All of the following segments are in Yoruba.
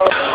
Oh.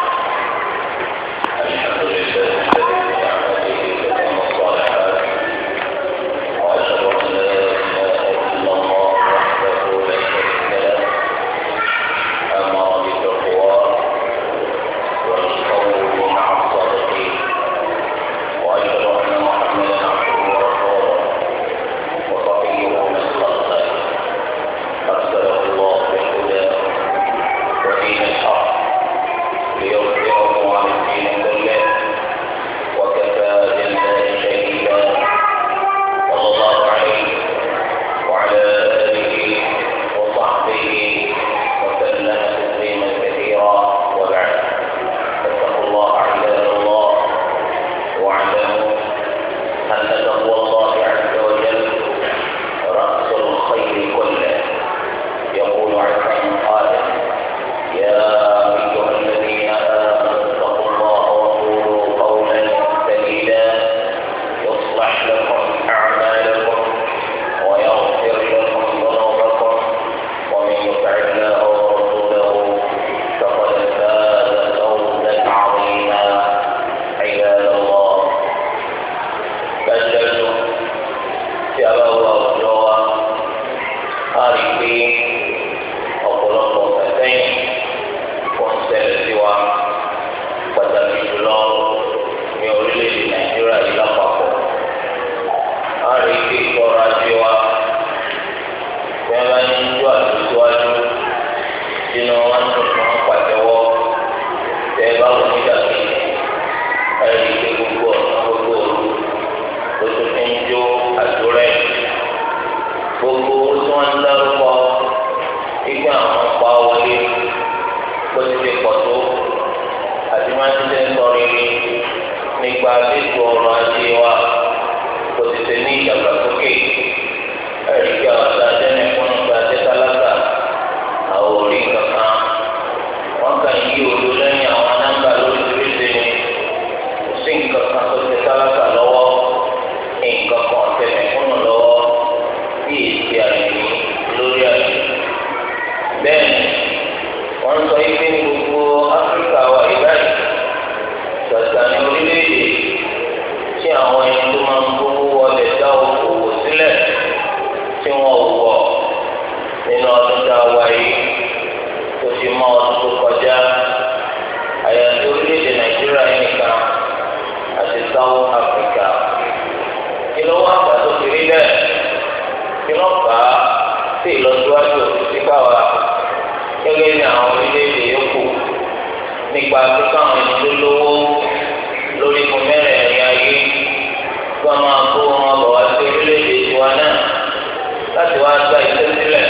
láti wá gba iṣẹ́ sílẹ̀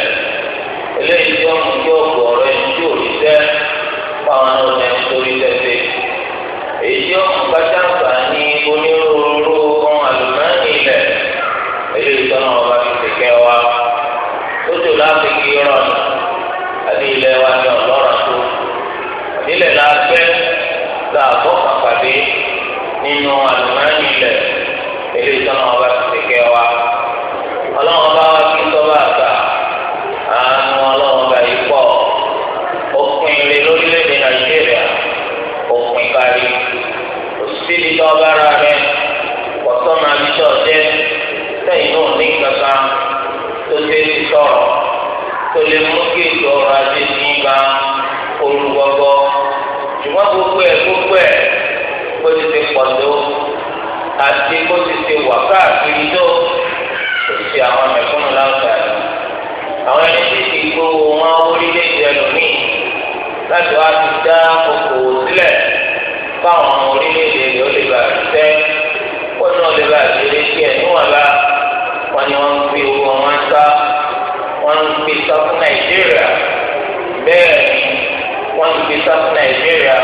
eléyìí tí wọ́n mú kí ọ̀pọ̀ ọ̀rọ̀ ẹni tí ò rí tẹ́ fáwọn ọ̀nà ẹni tó rí tẹ́tẹ́ èyí tí wọ́n mú kájà gbà ní onírúurú ohun àlùmọ́ọ́nì ilẹ̀ eléyìí tọ́nà ọba fi tẹ̀kẹ́ wa ó tó láti kí rọ̀nù àbí ilẹ̀ wa ní ọ̀lọ́ràn tó nílẹ̀ la gbẹ́ làbọ̀ kàpàdé nínú àlùmọ́ọ́nì ilẹ̀ eléyìí tọ́nà ọba fi tẹ̀kẹ́ wa ọlọ́run bá kò lè mú kí ètò ọrọ̀ ajé ní ibà ooru gbọgbọ ṣùgbọ́n gbogbo ẹ̀ gbogbo ẹ̀ bó ti ti pọ̀ tó àti bó ti ti wà káàkiri tó kò sí àwọn mẹ̀kúnnù láǹfààní àwọn ẹni tí ti gbowó wọn orílẹ̀-èdè ẹlòmíì láti wá ti dá okòwò sílẹ̀ fáwọn ọmọ orílẹ̀ ó lè bá rí sẹ́ náà lè bá rí lé sí ẹ̀ wọn ni wọ́n fi owó wọn sá wọ́n ń gbé sọ fún nàìjíríà bẹ́ẹ̀ wọ́n ń gbé sọ fún nàìjíríà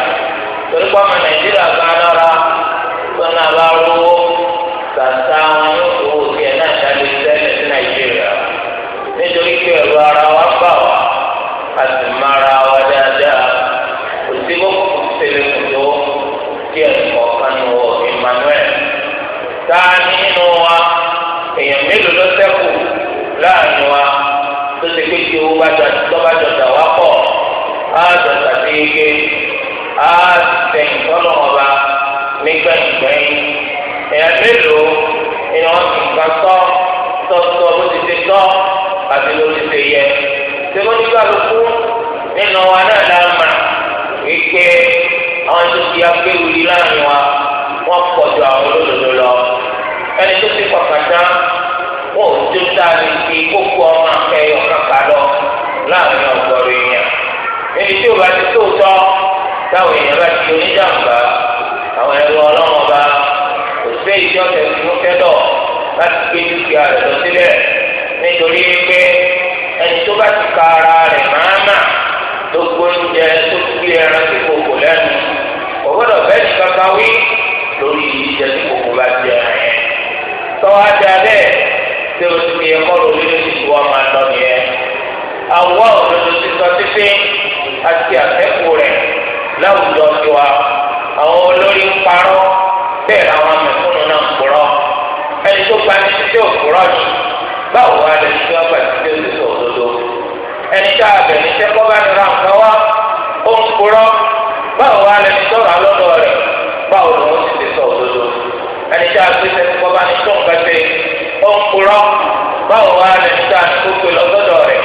torí pé ọmọ nàìjíríà bá lọ́ra tó náà bá rówó tàtà wọn yóò fowó tiẹ̀ náà jáde sẹ́lẹ̀ sí nàìjíríà nítorí pé ẹ̀rọ ara wa bà wá a sì mara wa dáadáa kò sí gbogbo tẹlẹ kùtó díẹ̀ kọ̀ọ̀kan ní wọ emmanuel tá a nínú wa èèyàn mélòó ló ṣẹ́kù láàrin wa tó ṣe pé tí owó bá jọ lọ́ba jọ dà wá pọ̀ á jọ tàbí ike á tẹ̀yìn tọ́lọ̀ ọba nígbà ìgbẹ́yìn èèyàn mélòó ni wọ́n ti gbà tọ́ tọ́tọ́ bó ti ṣe tọ́ àti ló ti ṣe yẹ ṣé wọ́n nígbà ló kú nínú wa náà dá mà wípé àwọn tó ti akéwì láàrin wa wọ́n pọ̀ ju àwọn olódodo lọ ẹni tó ti pọ̀ kàtá wọn ò tó sáré fi kókó ọmọ akẹyọ kankan lọ láàrin ọgọ́rùn èèyàn níbi tí o bá ti tó tọ táwọn èèyàn bá ti oníjàmbá àwọn ẹrọ ọlọ́wọ́n bá kò sí èyí tí wọ́n tẹ̀ fún kẹ́dọ̀ láti gbé dúkìá rẹ̀ lọ sílẹ̀ nítorí pé ẹni tó bá ti ka ara rẹ̀ máàmá tó gbóúnjẹ tó gbé ẹran sí kòkò lẹ́nu kò gbọ́dọ̀ bẹ́ẹ̀ ní kankan wí lórí ìjẹ sí bá jẹ ẹ̀ tọ́wọ́ á ṣé o ti fi ẹ̀kọ́ lórí lórí tí wọ́n máa lọ nìyẹn. àwọ̀ òdodo ti sọ títí àti àfẹ́kù rẹ̀ láwùjọ tiwa àwọn olórí ń parọ́ bẹ́ẹ̀ làwọn mẹ̀kúnnù náà ń purọ́ ẹni tó gba ní títí òpùrọ́ yìí báwo wá lè fi ọgbà títí òtítọ́ òdodo ẹni tá a bẹ̀ ní sẹ́kọ́ bá ní ra nǹkan wá ó ń purọ́ báwo wá lè fi sọ̀rọ̀ alọ́ báwo wá rẹ̀ níta ní kókó lọ́sọ̀dọ̀ rẹ̀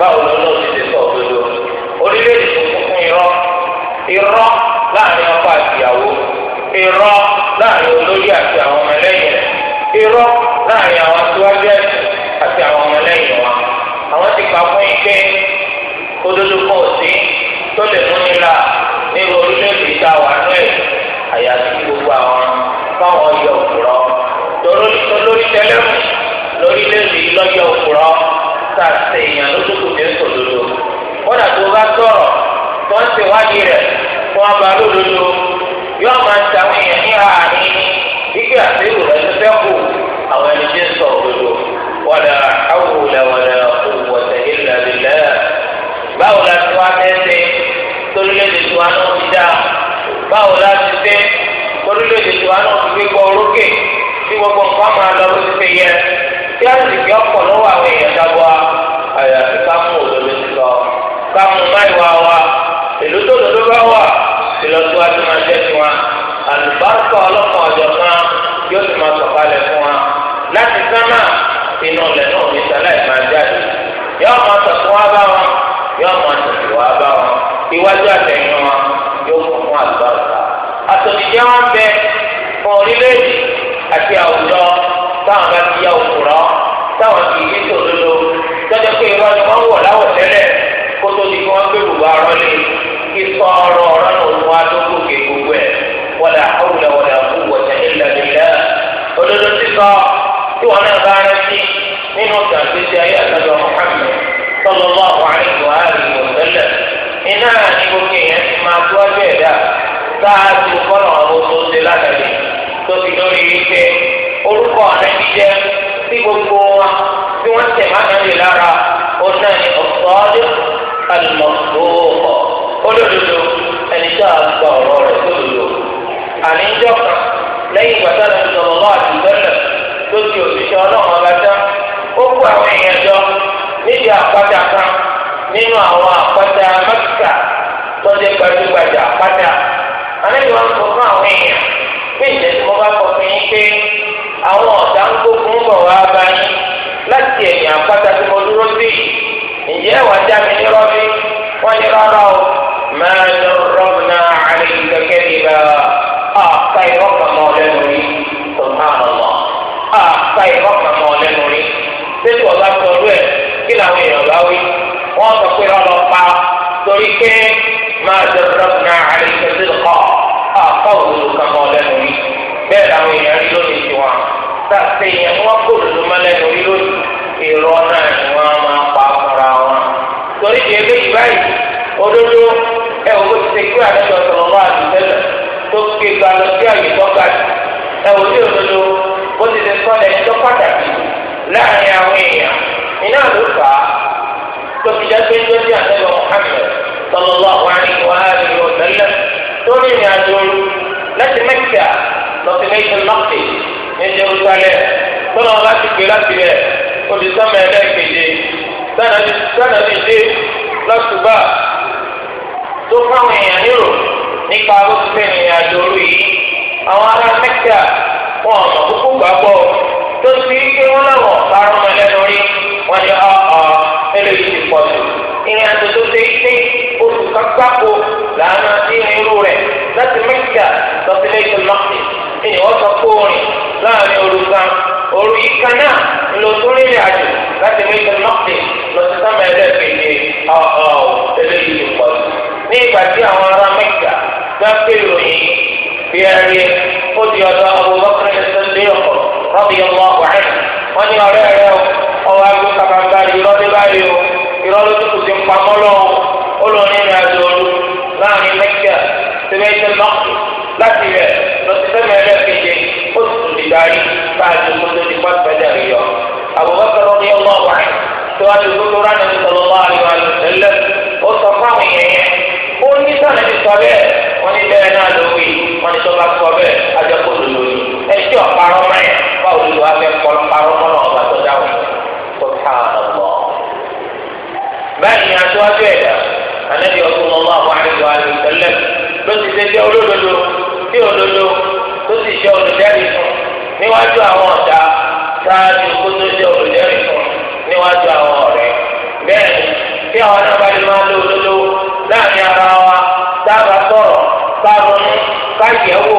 báwo lọ́nà òṣèlú sọ òdodo orílẹ̀-èdè funfun irọ́ irọ́ láàrin ọkọ àtìyàwó irọ́ láàrin olóyè àti àwọn ọmọlẹ́yìn irọ́ láàrin àwọn aṣíwájú ẹ̀sìn àti àwọn ọmọlẹ́yìn wa àwọn ti kà fún yín pé òdodo kan ò sí tó lè mú nílà nínú orílẹ̀-èdè tá a wà nú ẹ̀ àyàfi gbogbo àwọn fáwọn ọyọ òkúrọ̀ tó lórí tẹlẹ́mù. lórílẹ̀-èdè lọ́yọ̀ òkúrọ̀ ta ṣe èèyàn lóṣùkù ní sòdodo kódà tó bá sọ̀rọ̀ tó ń ṣèwádìí rẹ̀ tó ń lódodo yóò máa ń tàwọn èèyàn ní àárín gbígbé àtẹ́wò rẹ̀ tó fẹ́ kù àwọn ẹni tí ń sọ òdodo wala hawla wala quwwata illa billah báwo la ti wá torílẹ̀-èdè náà ti dá báwo la ti torílẹ̀-èdè kí àtìkí ọ̀pọ̀ lọ́wọ́ àwọn èèyàn dábọ̀ àyàfi ká mú òdodo sísọ ká mú máìwá wa èlò tó dodo bá wà ìlọsíwájú máa jẹ́ tiwa àlùbáṣọ ọlọ́kan ọ̀jọ̀ kan yóò sì máa sọ̀kalẹ̀ fún wa láti sánà inú ọ̀lẹ̀ náà ní sálẹ̀ máa jáde yóò máa sọ̀tún wá bá wọn yóò máa sọ̀tún wá bá wọn iwájú àtẹ̀yìn wọn yóò kún fún àlùbáṣọ. àtòjìjẹ́ wọn bẹ fún táwọn bá ti yá òkúrọ táwọn kì í yé tó lolo tọjọ pé irọ́ ni wọ́n wọ̀ láwọ̀ tẹ́lẹ̀ kó tó di kí wọ́n gbé bùbá ọ̀rọ̀ lé kíkọ́ ọ̀rọ̀ ọ̀rọ̀ náà fún wa tó gòkè gbogbo ẹ̀ wọ́dà ọ̀wùlà wọ́dà fún wọ̀tẹ́ ìlà nílẹ̀ òdodo sísọ tí wọn náà bá rántí nínú ìtàgbésí ayé àtàlọ́ Muhammad sallallahu alaihi wa alihi wa sallam iná ni gbogbo èèyàn ti máa tó ọjọ́ ẹ̀dá orúkọ ànábi jẹ tí gbogbo wọn tí wọn tẹ̀ má nàbì lára ó náà ní ọ̀sọ́ọ́dẹ àlùmọ̀tòkọ olódodo ẹni tó a gba ọ̀rọ̀ rẹ̀ lódodo àníjọ́ kan lẹ́yìn a lọ́wọ́ àtìgbẹ́lẹ̀ tó ti òṣìṣẹ́ ọlọ́run ọba ó àwọn èèyàn jọ níbi àpáta kan nínú àwọn àpáta mẹ́kà tó jẹ́ gbajúgbajà bí ìtẹ̀sí mo bá kọ fún yín pé àwọn ọ̀dà ń gbógun bọ̀ wá bá yín láti ẹ̀yìn àpáta tí mo dúró sí ǹjẹ́ wàá já mi ní rọ́bí wọ́n ní rárá o máa ń rọ́bù náà àlè ìgbẹ́kẹ́ mi bá a ká irọ́ kan mọ́ lẹ́nu rí tó máa ń lọ a ká irọ́ kan mọ́ lẹ́nu rí tẹ́tù ọ̀gá sọ ọdún ẹ̀ kí làwọn èèyàn bá wí wọ́n sọ pé rọ́lọ́ torí pé máa ń rọ́bù náà àlè ìgbẹ́kẹ́ àpá òdodo kan mọ́ lẹ́nu rí bẹ́ẹ̀ làwọn èèyàn rí lónìí ti wọn tá a ṣe èèyàn wọn kó òdodo mọ́ lẹ́nu rí lónìí èrò ọ̀nà ni wọ́n máa pa fúnra wọn. torí ti eléyìí báyìí òdodo ẹ ò bó ti ṣe kí àdéhùn ọ̀sọ̀rọ̀ wá àdìsẹ́lẹ̀ tó ké ga lọ sí àyè tọ́ka ẹ ò ní òdodo bó ti ṣe sọ́lẹ̀ ẹjọ́ pàtàkì láàrin àwọn èèyàn iná ló fà á tó fi dá pé lójú àtẹ́lẹ̀ Muhammad sallallahu alaihi wa alihi wa sallam lórí ìrìn àjò láti mẹ́kà lọ́sí méjì lọ́sì ní jerusalem tó náà láti gbé láti rẹ̀ olùsọ́mọ ẹlẹ́gbẹ̀dẹ sànàbí dé lọ́sùbà tó fáwọn èèyàn nírò nípa oṣù ìrìn àjò olú yìí àwọn ará mẹ́kà wọn ọ̀nà púpọ̀ gbàgbọ́ tó ti ké wọn láwọn ọ̀pá ọmọ ẹlẹ́nu rí wọn ni ọ̀ọ́ eléyìí ti pọ̀ jù ìrìn àjò tó ṣe pé oṣù kan gbáko làánà sí irú rẹ̀ láti mẹ́kà lọ́sílẹ̀ ìṣẹ̀lọ́sì ìyẹn wọ́n sọ pé orin láàrin òru kan òru yìí kan náà ló tún rìnrìn àjò láti mẹ́kà lọ́sì lọ́sí sámà ẹlẹ́gbẹ̀dẹ ọ̀ọ́ eléyìí ti pọ̀ jù ní ìgbà tí àwọn ará mẹ́kà gbàgbé ìròyìn bí ẹni ó di ọ̀dọ̀ Abubakar ẹ̀sẹ̀ lé ọ̀pọ̀ rọ́bì ọmọ ọwọ́ agbó kàkàkà irọ́ dé báyìí o irọ́ ló tó kù sí pamọ́ lọ́wọ́ ó lọ ní ìrìn àjò ọdún láàrin mẹ́kíà sẹ́mẹ́tẹ́ lọ́kù láti rẹ̀ lọ́sí sẹ́mẹ́ rẹ̀ kéje ó sì tún lè darí báyìí tó tó di pàṣẹ dàrí yọ. àbúrò rọ́bì ọlọ́wọ́ àyè tó wá ní gbogbo ránà ní sọlọ́lá àríwá lọ́sẹ̀lẹ̀ ó sọ fáwọn èèyàn yẹn ó ní sànà ti sọ bẹ́ẹ̀ wọ́n ní bẹ́ẹ̀ náà lówì wọ́n ní sọ́ba sọ bẹ́ẹ̀ ajẹ́kọ̀ọ́ báyìí aṣáájú ẹ̀dá anabi ọdún ọmọ àwọn àríwá àlùtẹlẹ ló ti ṣe jẹ olódodo tí olódo tó sì ṣe olùdarí fún níwájú àwọn ọ̀tá sáájú kó tó ṣe olùdarí fún níwájú àwọn ọ̀rẹ́ bẹ́ẹ̀ ni tí àwọn náà bá lè máa lo olódo láàrin ara wa dábàá sọ̀rọ̀ ká ronú ká yẹ̀ wò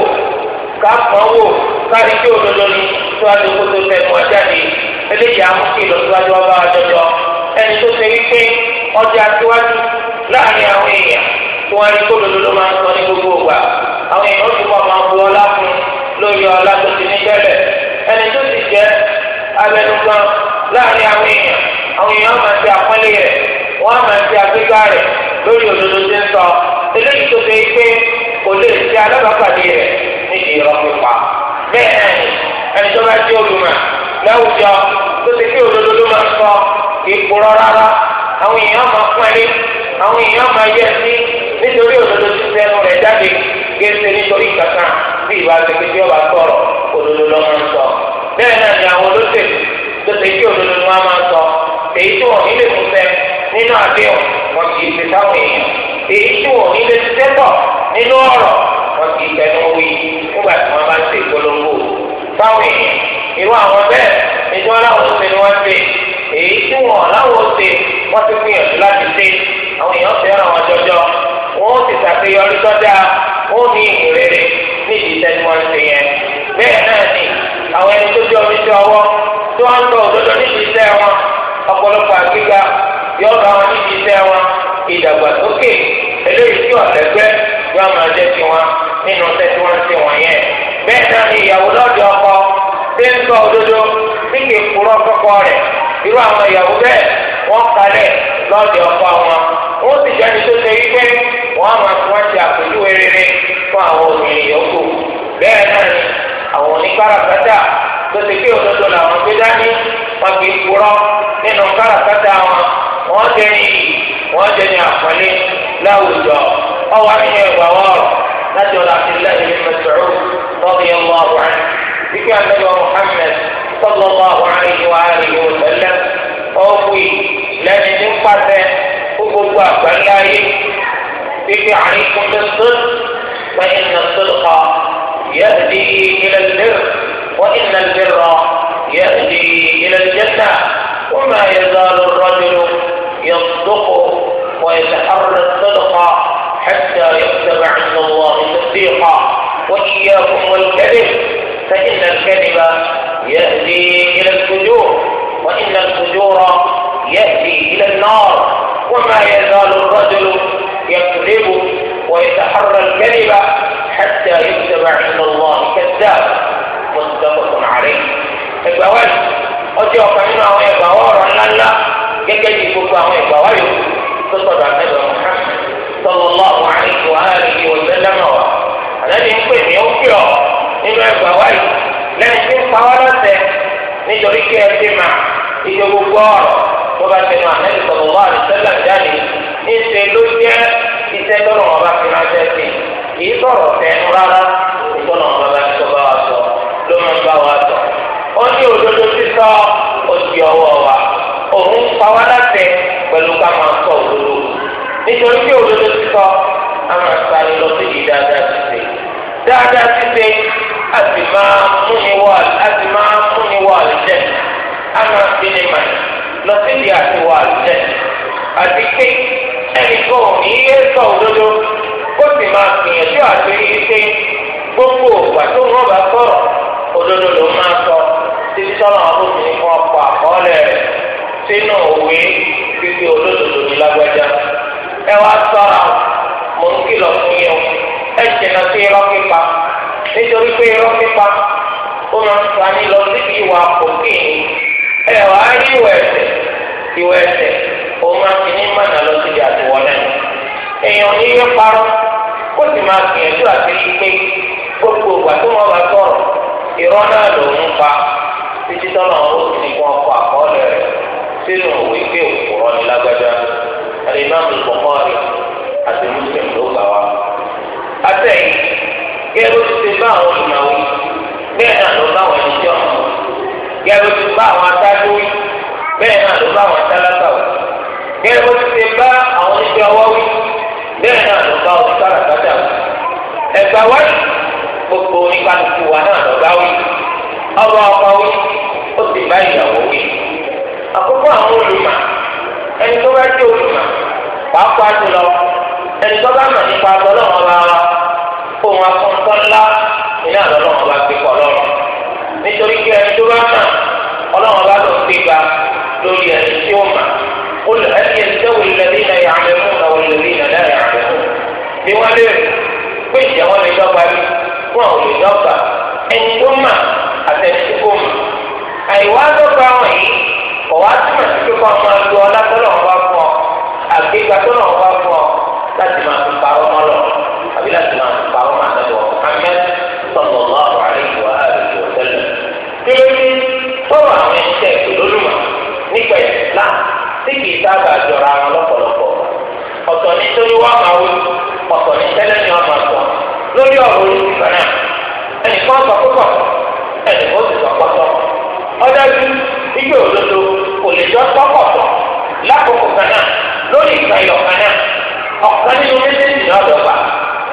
ká pọ́n wò ká rí kí olódo ni síwájú kó tó ṣe ìmọ̀ ẹni tó ṣe wípé ọjà tiwájú láàrin àwọn èèyàn tí wọ́n rí kólódó ló máa ń sọ ní gbogbo ògbà àwọn èèyàn ó ti kọ́ máa bu ọlá fún lórí ọlá tó ti ní tẹ́lẹ̀ ẹni tó ti jẹ́ abẹnugan láàrin àwọn èèyàn àwọn èèyàn máa ti àpọ́nlé rẹ̀ wọ́n máa ti àgbégbá rẹ̀ lórí òdodo tí ń sọ eléyìí tó ṣe wípé kò lè ṣe alábàápàdé rẹ̀ níbi ìrọ́ bẹ́ẹ̀ ẹni tó bá jẹ́ olùmọ̀ láwùjọ tó ti fi òdodo ló máa ń sọ kì í kúrọ rárá àwọn èèyàn máa pọn ẹlẹ àwọn èèyàn máa yẹ sí nítorí òdodo ti fẹ́ ẹnu rẹ̀ jáde gẹ́sẹ̀ nítorí kankan bí ìwà àgbègbè tí ọba sọ̀rọ̀ òdodo lọ́ máa ń sọ bẹ́ẹ̀ náà ni àwọn olóṣèlú tó ṣe kí òdodo ni wọ́n máa ń sọ èyí tí wọ́n nílé fúnfẹ́ nínú àdéhùn wọn kì í ṣe táwọn èèyàn èyí tí wọ́n nílé tẹ́tọ̀ nínú ọ̀rọ̀ wọn kì í tẹnu wí nígbà tí wọ́n bá ń ṣe ìpolongo táwọn èèyàn irú àwọn bẹ́ẹ̀ ìjọ láwọn ń ṣe ni wọ́n ṣe èyí tí wọn láwọn ṣe wọn ti gbìyànjú láti ṣe àwọn èèyàn fẹ́ràn wọn jọjọ wọn ó ti ṣàṣeyọrí sọ́jà ó ní ìrere tí wọ́n ṣe yẹn bẹ́ẹ̀ náà ni àwọn ẹni tó jẹ́ oníṣẹ́ ọwọ́ tí wọ́n lọ òdodo níbi iṣẹ́ wọn ọ̀pọ̀lọpọ̀ àgbéga yóò bá wọn níbi iṣẹ́ wọn ìdàgbàsókè eléyìí tí ọ̀lẹ́gbẹ́ yóò máa jẹ́ tiwọn nínú iṣẹ́ tí wọ́n ń ṣe wọ̀nyẹn bẹ́ẹ̀ náà ni ìyàwó ọkọ ń sọ tí kì í kúrọ́ kọ́kọ́ rẹ̀ irú àwọn ìyàwó bẹ́ẹ̀ wọ́n kalẹ̀ lọ́ọ̀dẹ̀ ọkọ wọn ó sì jẹ́ni tó ṣe wípé wọ́n á máa wọ́n ṣe àpèjúwe rere fún àwọn obìnrin yòókù bẹ́ẹ̀ náà ni àwọn oníkàràkátà tó ti pé òdodo làwọn gbé dání wọn kì í kúrọ́ nínú kàràkátà wọn wọ́n jẹ́ ní wọ́n jẹ́ ní àpọ́nlé láwùjọ ọwọ́ nínú ẹ̀gbà wọ́ọ̀rọ̀ láti ọ̀dà ilé ìlú mẹ́tọ́rọ́ lọ́dún yẹn lọ́ọ̀rọ̀ rẹ̀ wípé àtẹ́gbẹ́ Muhammad صلى الله عليه وآله وسلم أوفي لن تنقطع أبوك بالله بك عليكم بالصدق فإن الصدق يهدي إلى البر وإن البر يهدي إلى الجنة وما يزال الرجل يصدق ويتحرى الصدق حتى يكتب عند الله تصديقا وإياكم والكذب فإن الكذب يهدي إلى الفجور وإن الفجور يهدي إلى النار وما يزال الرجل يكذب ويتحرى الكذب حتى يكتب عند الله كذاب مصدق عليه إخوان أجي وكمنا ويبوار لنا يجي فكاهم يبوار فصدع محمد صلى الله عليه وآله وسلم الذي يمكن يوكيه nínú ẹgbà wáyé lẹ́yìn tí ń pa wá lọ́sẹ̀ nítorí kí ẹ ti mà ìjọ gbogbo ọ̀rọ̀ tó bá tẹnu àmẹ́lì sọ̀rọ̀ wá àdìsẹ́lẹ̀ jáde níṣẹ́ ló jẹ́ iṣẹ́ tó lọ́wọ́ bá fi máa tẹ̀sí kì í sọ̀rọ̀ tẹnu rárá ìtọ́nà bàbá tó bá wa sọ ló máa bá wa sọ. ó ní òdodo sísọ òsì ọwọ́ wa òun pa wá lọ́sẹ̀ pẹ̀lú ká máa sọ òdodo nítorí pé òdodo sísọ á máa sáré lọ sí ìdáadáa ṣiṣẹ́ dáadáa títí a sì máa múni wá a sì máa múni wá ní sọ òdodo ó sì máa gbìyànjú àti yí gbogbo ògbà tó ń rọ̀bà sọ̀rọ̀ òdodo ló máa sọ títí sọ́nà ọlọ́mọbìnrin fún ọkọ̀ àkọọ́lẹ̀ rẹ̀ sínú òwe fífi olódodo lágbájá ẹ wá fún yẹn ẹ jìnnà sí irọ́ pípa nítorí pé irọ́ pípa ó máa ń fa ní lọ síbi ìwà kòkìní ẹ wà á rí ìwà ẹ̀ṣẹ̀ ìwà ẹ̀ṣẹ̀ ó máa fi ní mànà lọ síbi àtiwọ́ náà èèyàn ní yẹ parọ́ ó sì máa gbìyànjú àti rí pé gbogbo ìgbà tó wọn bá sọ̀rọ̀ irọ́ náà ló ń pa títí tọ́lọ̀ ó sì wọn kọ àkọọ́lẹ̀ rẹ̀ sínú òwe pé òkúrọ́ ní lágbájá àlè náà ló rẹ̀ àti mùsùlùmí ló gbà wá. àtẹ̀yìn gẹ́gẹ́ bó ti ṣe bá àwọn ìyàwó bẹ́ẹ̀ náà ló bá àwọn ìjọ gẹ́gẹ́ bó ti bá àwọn atájú wí bẹ́ẹ̀ náà ló bá àwọn atálákà wí gẹ́gẹ́ bó ti ṣe bá àwọn ìjọ ọwọ́ wí bẹ́ẹ̀ náà ló bá àwọn káràkátà wí ẹ̀gbà wáyé gbogbo náà ló bá wí ọkọ wí ó sì bá ìyàwó wí àkókò àwọn olùmọ̀ ẹni tó bá jẹ́ olùmọ̀ pàápàá jùlọ ẹni tó bá mọ̀ nípa ọlọ́run fún wa fún sọ́lá iná lọ́lọ́wọ́ bá fi kọ́ lọ́rùn nítorí kí ẹni tó bá mà ọlọ́wọ́ bá lọ sí gba lórí ẹni tí ó mà ó lọ ẹni ẹni tó wọlé lẹ́ni náà yà àmì fún àwọn lẹ́ni náà náà yà àmì fún bí wọ́n lé pé ìjà wọn lè dọ́gba bí fún àwọn lè ẹni tó mà àtẹni tó kó mà àìwá dọ́gba wọn yìí ọ̀wá túmọ̀ sí pé kọ́ ọmọ lọ àbí láti máa sábà jọra wọn lọ́pọ̀lọpọ̀ ọ̀tọ̀ nítorí wọn máa wí ọ̀tọ̀ ní tẹ́lẹ̀ ni wọn máa sọ lórí ọ̀rọ̀ orí kan náà ẹnì kan sọ púpọ̀ ẹnì kan sì sọ pọ̀tọ̀ ọ̀dájú ìgbé òdodo kò lè jọ sọ́kọ̀tọ̀ lákòókò kan náà lórí ìkàyọ̀ kan náà ọ̀kan nínú méjèèjì náà dọ̀gba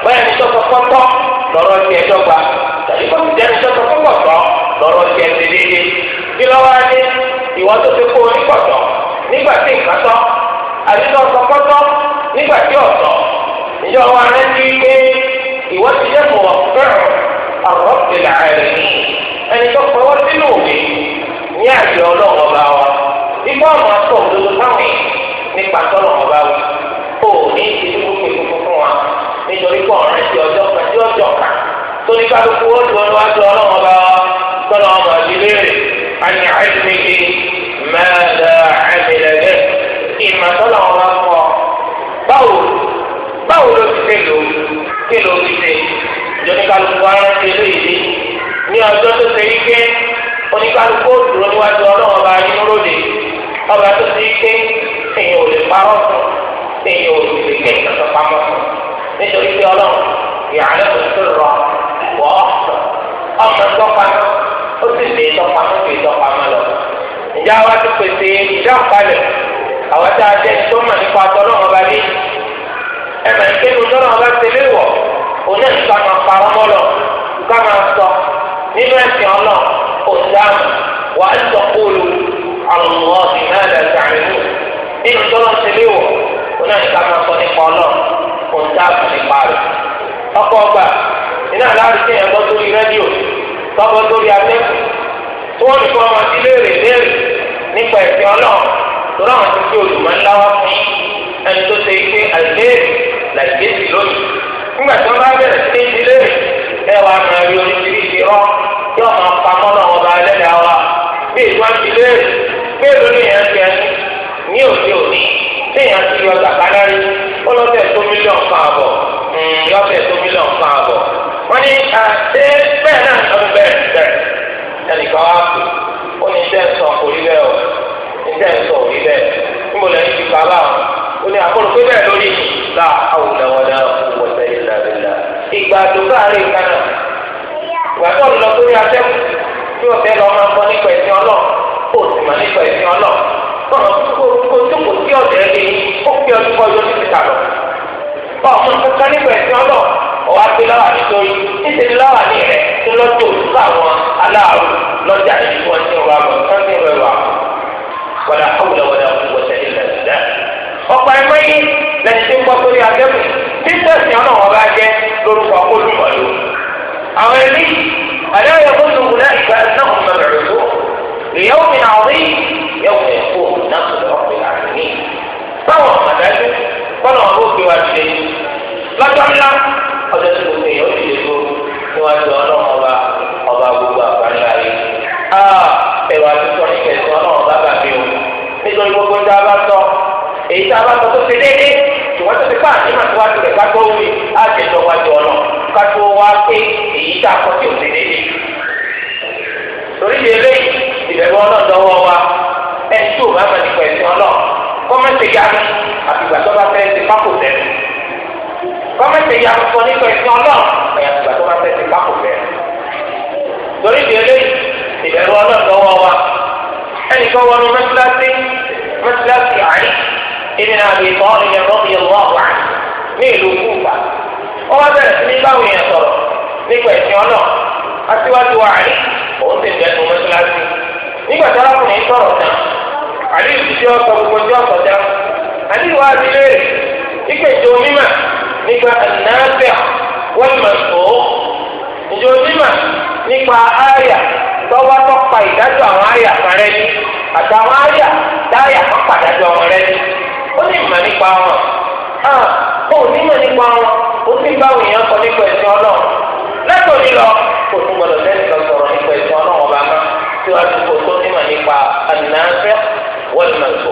bóyá ní tó sọ pọ́tọ́ lọ́rọ́ tiẹ̀ dọ́gba tàbí kó ti jẹ́ ní tó sọ pọ́tọ́ lọ́rọ́ ti dédé kí lọ́wọ́ á ní ìwọ́n tó ti kó onípọ̀tọ̀ nígbà tí nǹkan tọ́ àbí tó sọ kọ́tọ́ nígbà tí ọ̀tọ̀ ìjọ wa rẹ ti gbé ìwọ ti jẹ́ mọ̀ fẹ́ràn àwọn ìlà rẹ̀ ẹni tó pẹ́ wọ́n sínú òbí ní àjọ ọlọ́wọ́ bá wa ikú àwọn akọ òdodo táwọn nípa tọ́lọ̀ wọn bá wí kó o ní ìdílé kúkú fún wa nítorí pé ọ̀rẹ́ ti ọjọ́ kan tí ọjọ́ kan tó ní kálukú ó dùn ọ́nà wájú ọlọ́wọ́ bá wa tọ́lọ̀ wọn bá ti léèrè ماذا عمل به إما طلع الله بول báwo ló ti fẹ́ lò kí ló ti fẹ́ jọ́nìkálukú ara ti lé ìdí ní ọjọ́ tó ṣe yí pé oníkálukú ó dúró níwájú ọlọ́run ọba ayélujáde ọba tó ṣe yí pé èèyàn ò lè parọ́ fún èèyàn ò lè fi gbé ìtàn pamọ́ fún nítorí pé ọlọ́run ìyàrá kò tó rọ wọ́ ọmọ tó pamọ́ ó sì lè tọ́ pamọ́ fi tọ́ pamọ́ lọ já wa ti pèsè ìdáhùn kalẹ̀ àwọn tá a jẹ́ tó mọ̀ nípa tọ́lọ́wọ́n bá dé ẹ mọ̀ ní kéwòn tọ́lọ́wọ́n bá ti lé wọ̀ òun náà nípa máa parọ́ mọ́ lọ nípa máa sọ nínú ẹ̀sìn ọlọ́ òsàm wà á sọ kóòlù àwọn ọmọ ọ̀sìn náà lẹ̀ sàrẹ̀mú nínú tọ́lọ́wọ́n ti lé wọ̀ òun náà nípa máa sọ nípa ọlọ́ òsàm nípa rẹ̀ ọkọ̀ ọgbà iná aláàrúkẹ yẹn gbọ́ sórí rédíò tọ́gbọ́ sórí atẹ́kùn tí wọ́n nìkan máa ti léèrè léèrè nípa ẹ̀sìn ọlọ́run tó ráwọn ti fi olùmọ̀ ńlá wá fún ẹni tó ṣe pé àìléèrè làìgbésì lónìí nígbà tí wọ́n bá bẹ̀rẹ̀ sí ní ìléèrè ẹ wàá máa rí oríṣiríṣi rọ tí wọ́n máa pa mọ́ náà ọba ẹlẹ́dàá wa bí ìwà ti léèrè pé lónìí èèyàn ti ẹni ní òde òní téèyàn ti yọ gbàgbálárí ó lọ́sẹ̀ tó mílíọ̀nù kan àbọ̀ lọ́sẹ̀ hmm, tó mílíọ̀nù kan àbọ̀ wọ́n ní àti bẹ́ẹ̀ náà ó ní iṣẹ́ sọ kò rí bẹ́ẹ̀ o iṣẹ́ sọ kò rí bẹ́ẹ̀ níbo lẹ́yìn ti bàbá o ó ní àkọlù pé bẹ́ẹ̀ lórí la àwùjọ wọn náà wọ sẹ́yìn lábẹ́lá ìgbà àdúgbò àárẹ̀ ìkànnà ìgbà tó lọ sórí atẹ́kù tí o fẹ́ lọ máa kọ́ nípa ẹ̀sìn ọlọ́ kó o sì máa nípa ẹ̀sìn ọlọ́ kó o tó kò sí ọ̀dẹ́ rí ó fi ọdún kọ́ ọwọ́ gbé lọ́wọ́ àti sórí níṣẹ́ ni lọ́wọ́ àti rẹ̀ tó lọ́jọ́ òṣùpá àwọn aláàrú lọ́jà ní wọn ti rọ àwọn kan ní rẹwà wàlà àwùlà wàlà wọ̀ṣẹ̀ ilẹ̀ ìdá. ọ̀pọ̀ ẹ̀mọ́ yìí lẹ́ni tí ń gbọ́ sórí agẹ́kù títẹ̀sí ọ̀nà wọn jẹ́ lórúkọ olùmọ̀lò. àwọn ẹ̀mí àdáyọ̀ fún kátó wí àjẹjọ wájú ọ̀nà kátó wá pé èyí tá a kọ́ tí o ti dédé. torí ilé lẹ́yìn ìbẹ̀rù ọlọ́dọ̀wọ́ wa ẹni tí o bá máa nípa ẹ̀sìn ọlọ́ kọ́mẹ́tì ya àfìgbà tó bá fẹ́ẹ́ ti pákó tẹ̀lé kọ́mẹ́tì ya sọ nípa ẹ̀sìn ọlọ́ àfìgbà tó bá fẹ́ẹ́ ti pákó tẹ̀lé. torí ilé lẹ́yìn ìbẹ̀rù ọlọ́dọ̀wọ́ wa ẹni kọ́ wọnú mẹ́tíláṣí mẹ́tíláṣí àárín ìdí náà lè tọ́ ìyẹn rọ́bì ní ìlú kúfà ó wá bẹ̀rẹ̀ sí ní báwọn èèyàn sọ̀rọ̀ nípa ẹ̀sìn ọ̀nà aṣíwájú wa àrí òun ti bẹ̀rẹ̀ tó mọ́ṣáláṣí nígbà tí arákùnrin sọ̀rọ̀ tán àrí ìdíjọ́ sọ gbogbo Anyị sọ̀tà ìwà àdílé ike mímà nípa ìjọ mímà nípa àwọn ní àtàwọn rẹ ní ó ní ìmọ̀ hàn ah, kó o nímọ̀ nípa wọn o sì bá òyìnbó sọ nípa ẹ̀sìn ọlọ́run lẹ́tọ̀ọ́ nílọ kó o tún gbọdọ̀ lẹ́sìn lọ sọ̀rọ̀ nípa ẹ̀sìn ọlọ́run ọba náà tí wàá tún kó o tún nímọ̀ nípa ànáfẹ́ wọ́lùmọ̀tò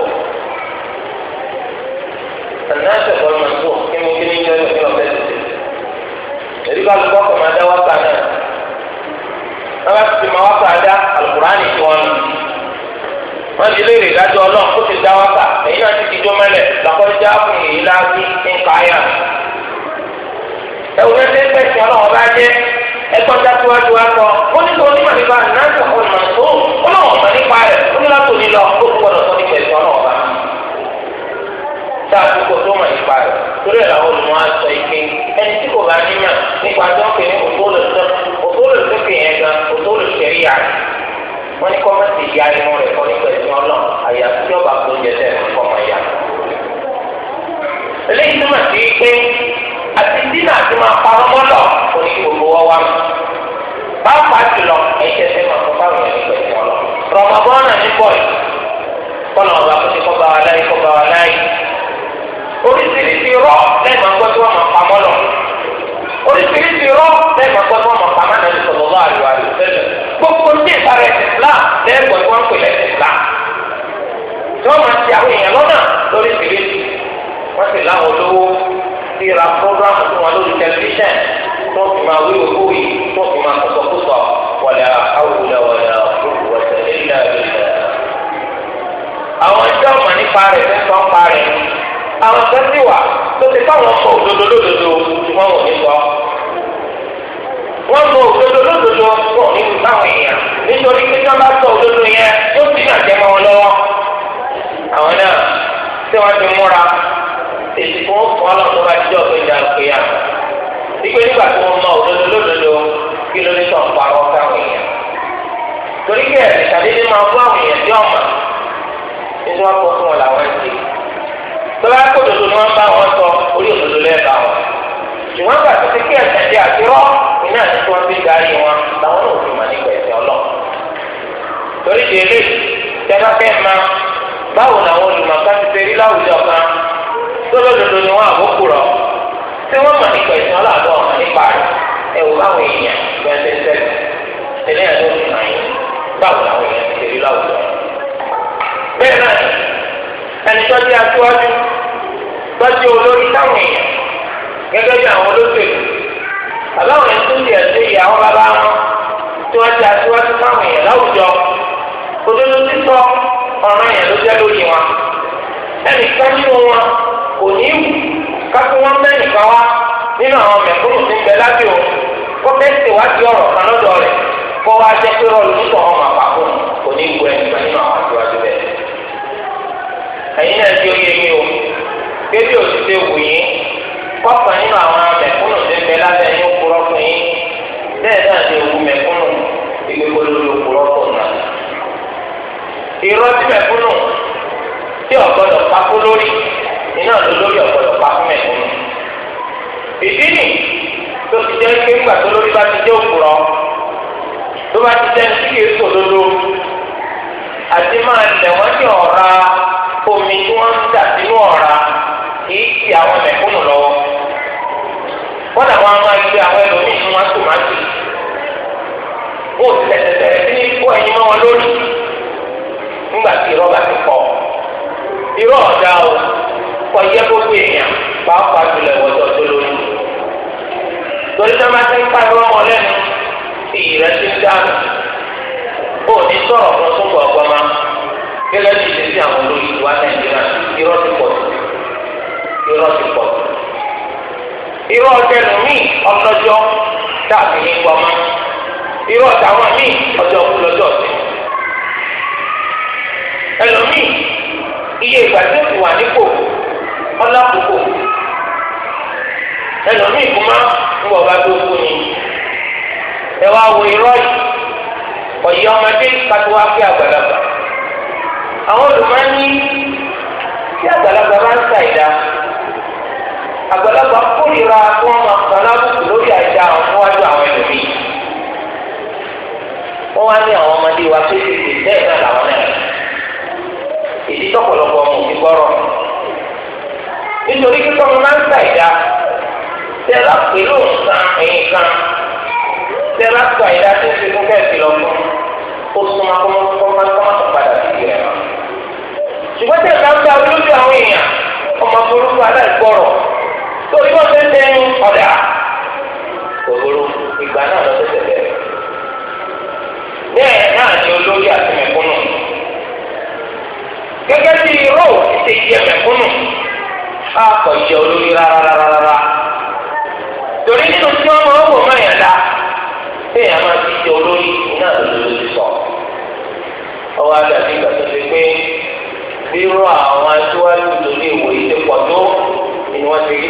ànáfẹ́ wọ́lùmọ̀tò kí ni kí ni yọ ẹ̀sìn ọ̀fẹ́ tètè èdè ká lùkọ́ kọ̀ máa dá wákà náà wọ́n bá ti máa wákà dá àlùkùránì tí wọ́n lù wọn ti léèrè ìdájọ́ Ọlọ́run ó ti dá wákà èyí náà ti dijọ mẹlẹ làkọjá fún yìí láti nǹkan ayà. ẹwù náà ṣe ń pèsè Ọlọ́run ọba jẹ wa sọ onímọ̀ nípa ìmọ̀ tó nípa rẹ̀ ó ní látò ní lọ ó sọ ní Ọlọ́run dáàbò kò tó mọ̀ nípa rẹ̀ torí ẹ̀ wọ́n ní kọ́ mẹ́sì ìyá inú rẹ̀ kọ́ nípa ẹ̀sìn ọlọ́run àyà tí ọba tó jẹ sẹ́yìn kọ́ mọ̀ ẹ̀yà. eléyìí túmọ̀ sí pé àti dínà tó máa parọ́ mọ́lọ̀ òní gbogbo wọ́n wá mi. báwa jùlọ ẹ̀jẹ̀ sẹ́ máa fọ́ báwọn ẹ̀sìn ẹ̀sìn ọlọ́ rọ̀mọ̀bọ́nà ní bọ̀ yìí kọ́nà ọba kò sí kọ́ bá wa láyé kọ́ bá wa láyé. oríṣiríṣi rọ lẹ́yìn gbọ́ tí wọ́n ìsàrẹ̀ islam lẹ́ẹ̀kọ́ tí wọ́n ń pè lẹ́sìn islam tí wọ́n máa ti àwọn èèyàn lọ́nà lórí fìlẹ́sì wọ́n sì láwọn olówó ti ra fúnrámù fún wọn lórí tẹlifíṣàn tó fi máa wí òkú yìí tó fi máa kókó kókó wọlé àwùjọ wọlé àwùjọ wọlé ilé ìlú. àwọn ẹgbẹ́ ọ̀mà nípa rẹ̀ fẹ́ sọ ń pa rẹ̀ àwọn kan sì wà tó ti fáwọn ọkọ̀ òdodo lódodo wọn ò ní sọ wọn mọ òdodo lódodo wọn ò ní sọ táwọn èèyàn nítorí pé sọ́ba sọ òdodo yẹn yóò ti nà jẹ́ mọ́ wọn lọ́wọ́ àwọn náà tí wọ́n ti múra èsì fún ọlọ́run tó bá ti dọ̀gbẹ́ ìjà òkè yá wípé nígbà tí wọ́n mọ òdodo lódodo kí ló ní sọ̀n parọ́ káwọn èèyàn torí pé ẹ̀sìn kàdédé máa fún àwọn èèyàn tí ọ̀mà nínú wọn fún wọn làwọn ẹ̀sìn tó bá ni wọ́n bá wọn sọ orí òdodo lẹ́ẹ̀bà wọn ṣùgbọ́n gbàgbé pé kí ẹ̀sìn torí délé tẹ́lá fẹ́ ma báwo làwọn olùmọ̀ọ́ká ti ṣe rí láwùjọ kan lọ́lọ́dọ̀dọ̀ ni wọ́n àbókù rọ̀ tí wọ́n mọ̀ nípa ìsìn ọlọ́àdọ́ ọ̀mọ̀ nípa rẹ̀ ẹ wò èèyàn gbọ́n ṣe ń tẹ̀lé ẹlẹ́ àti òfin àyè báwo èèyàn ti ṣe rí láwùjọ. bẹ́ẹ̀ náà ẹni tó dé tọ́jú olórí táwọn èèyàn gẹ́gẹ́ bí àwọn olóṣèlú àbáwọn ẹni tó ń òdodo sísọ ọ̀ràn yẹn ló jẹ́ lórí wa ẹnì kan nínú wọn kò ní kápẹ́ wọn mẹ́nìkan wá nínú àwọn mẹ̀kúrú tí ń bẹ lábẹ́ o kó fẹ́ ṣèwádìí ọ̀rọ̀ kan lọ́dọ̀ rẹ̀ kó wá jẹ́ pé rọ́ọ̀lù nítorí wọn máa kò ní í gbọ́ ẹnìkan nínú àwọn àtiwájú bẹ́ẹ̀. ẹ̀yin náà di oyè o bébí ti èrò ọtí mẹ̀kúnnù tí ọ̀gbọ́dọ̀ pákó lórí iná ló lórí ọ̀gbọ́dọ̀ pákó mẹ̀kúnnù. ìdí nì tó ti jẹ́ pé tó lórí bá ti jẹ́ òkúrọ̀ tó bá ti jẹ́ sí omi tí wọ́n ń dà sínú ọ̀ra ti àwọn lọ́wọ́. wọ́n dà wọ́n á máa gbé àwọn ẹlòmíì fún wọn tòmátì. nígbà tí irọ́ bá ti pọ̀ irọ́ ọ̀dà o kọ́ yẹ gbogbo èèyàn pàápàá jùlọ ìwọ́jọ́ tó lóyún torí tó máa ti ń pariwo ọmọ lẹ́nu iyì rẹ ti ń dànù ó ní sọ̀rọ̀ kan tó kọ̀ ọ̀gbọ́n máa gẹ́gẹ́ bí ìṣesí àwọn olórí ìwà nàìjíríà irọ́ ti pọ̀ irọ́ ti pọ̀ irọ́ ọ̀tẹ̀nu míì ọlọ́jọ́ tàbí ní gbọ́mọ́ irọ́ ọ̀tàwọn míì ọjọ́ kú lọ́jọ́ ọ̀tẹ̀nu. ẹlòmíì iye ìgbà tí ti wà nípò ọlọ́kùnkò ẹlòmíì kò má ń bọ̀ bá tó kú ni ẹ wá wo irọ́ yìí ọ̀yẹ́ ọmọdé kátó wá pé àgbàlagbà àwọn olùmọ̀ọ́ni tí àgbàlagbà bá ń ṣàìdá àgbàlagbà kórìíra tí wọ́n máa lábùkù lórí àwọn wá ní àwọn ọmọdé wa náà làwọn náà. èyí tọ́pọ̀lọpọ̀ ọmọ òfin gbọ́rọ̀ nítorí kíkọ́ mi máa ń gbà ìdá tẹ́lá pẹ̀lú nǹkan ẹ̀yìn kan tẹ́lá gbà ìdá tó fi fún kẹ́ẹ̀sì lọ fún ó súnmọ́ kọ́mọ́kọ́mọ́ tó padà sí ìrẹ̀ wọn. ṣùgbọ́n tẹ̀lá ń gba olójú àwọn èèyàn ọmọ burúkú aláìgbọ́rọ̀ torí wọ́n fẹ́ tẹ́yìn ọ̀dà òwúrò ìgbà náà lọ́sẹ̀ tẹ̀lé bẹ́ẹ̀ náà ni olórí àti gẹ́gẹ́ bí irọ́ òtítẹ yẹ mẹ̀kúnnù á kọ olórí rárárárá torí nínú tí wọn máa ń wò máa yàn dá bẹ́ẹ̀ a máa fi jẹ olórí náà lórí sọ ọwọ́ àdàbí ṣe pé àwọn aṣíwájú lórí ti pọ̀ tó ni wọ́n ti rí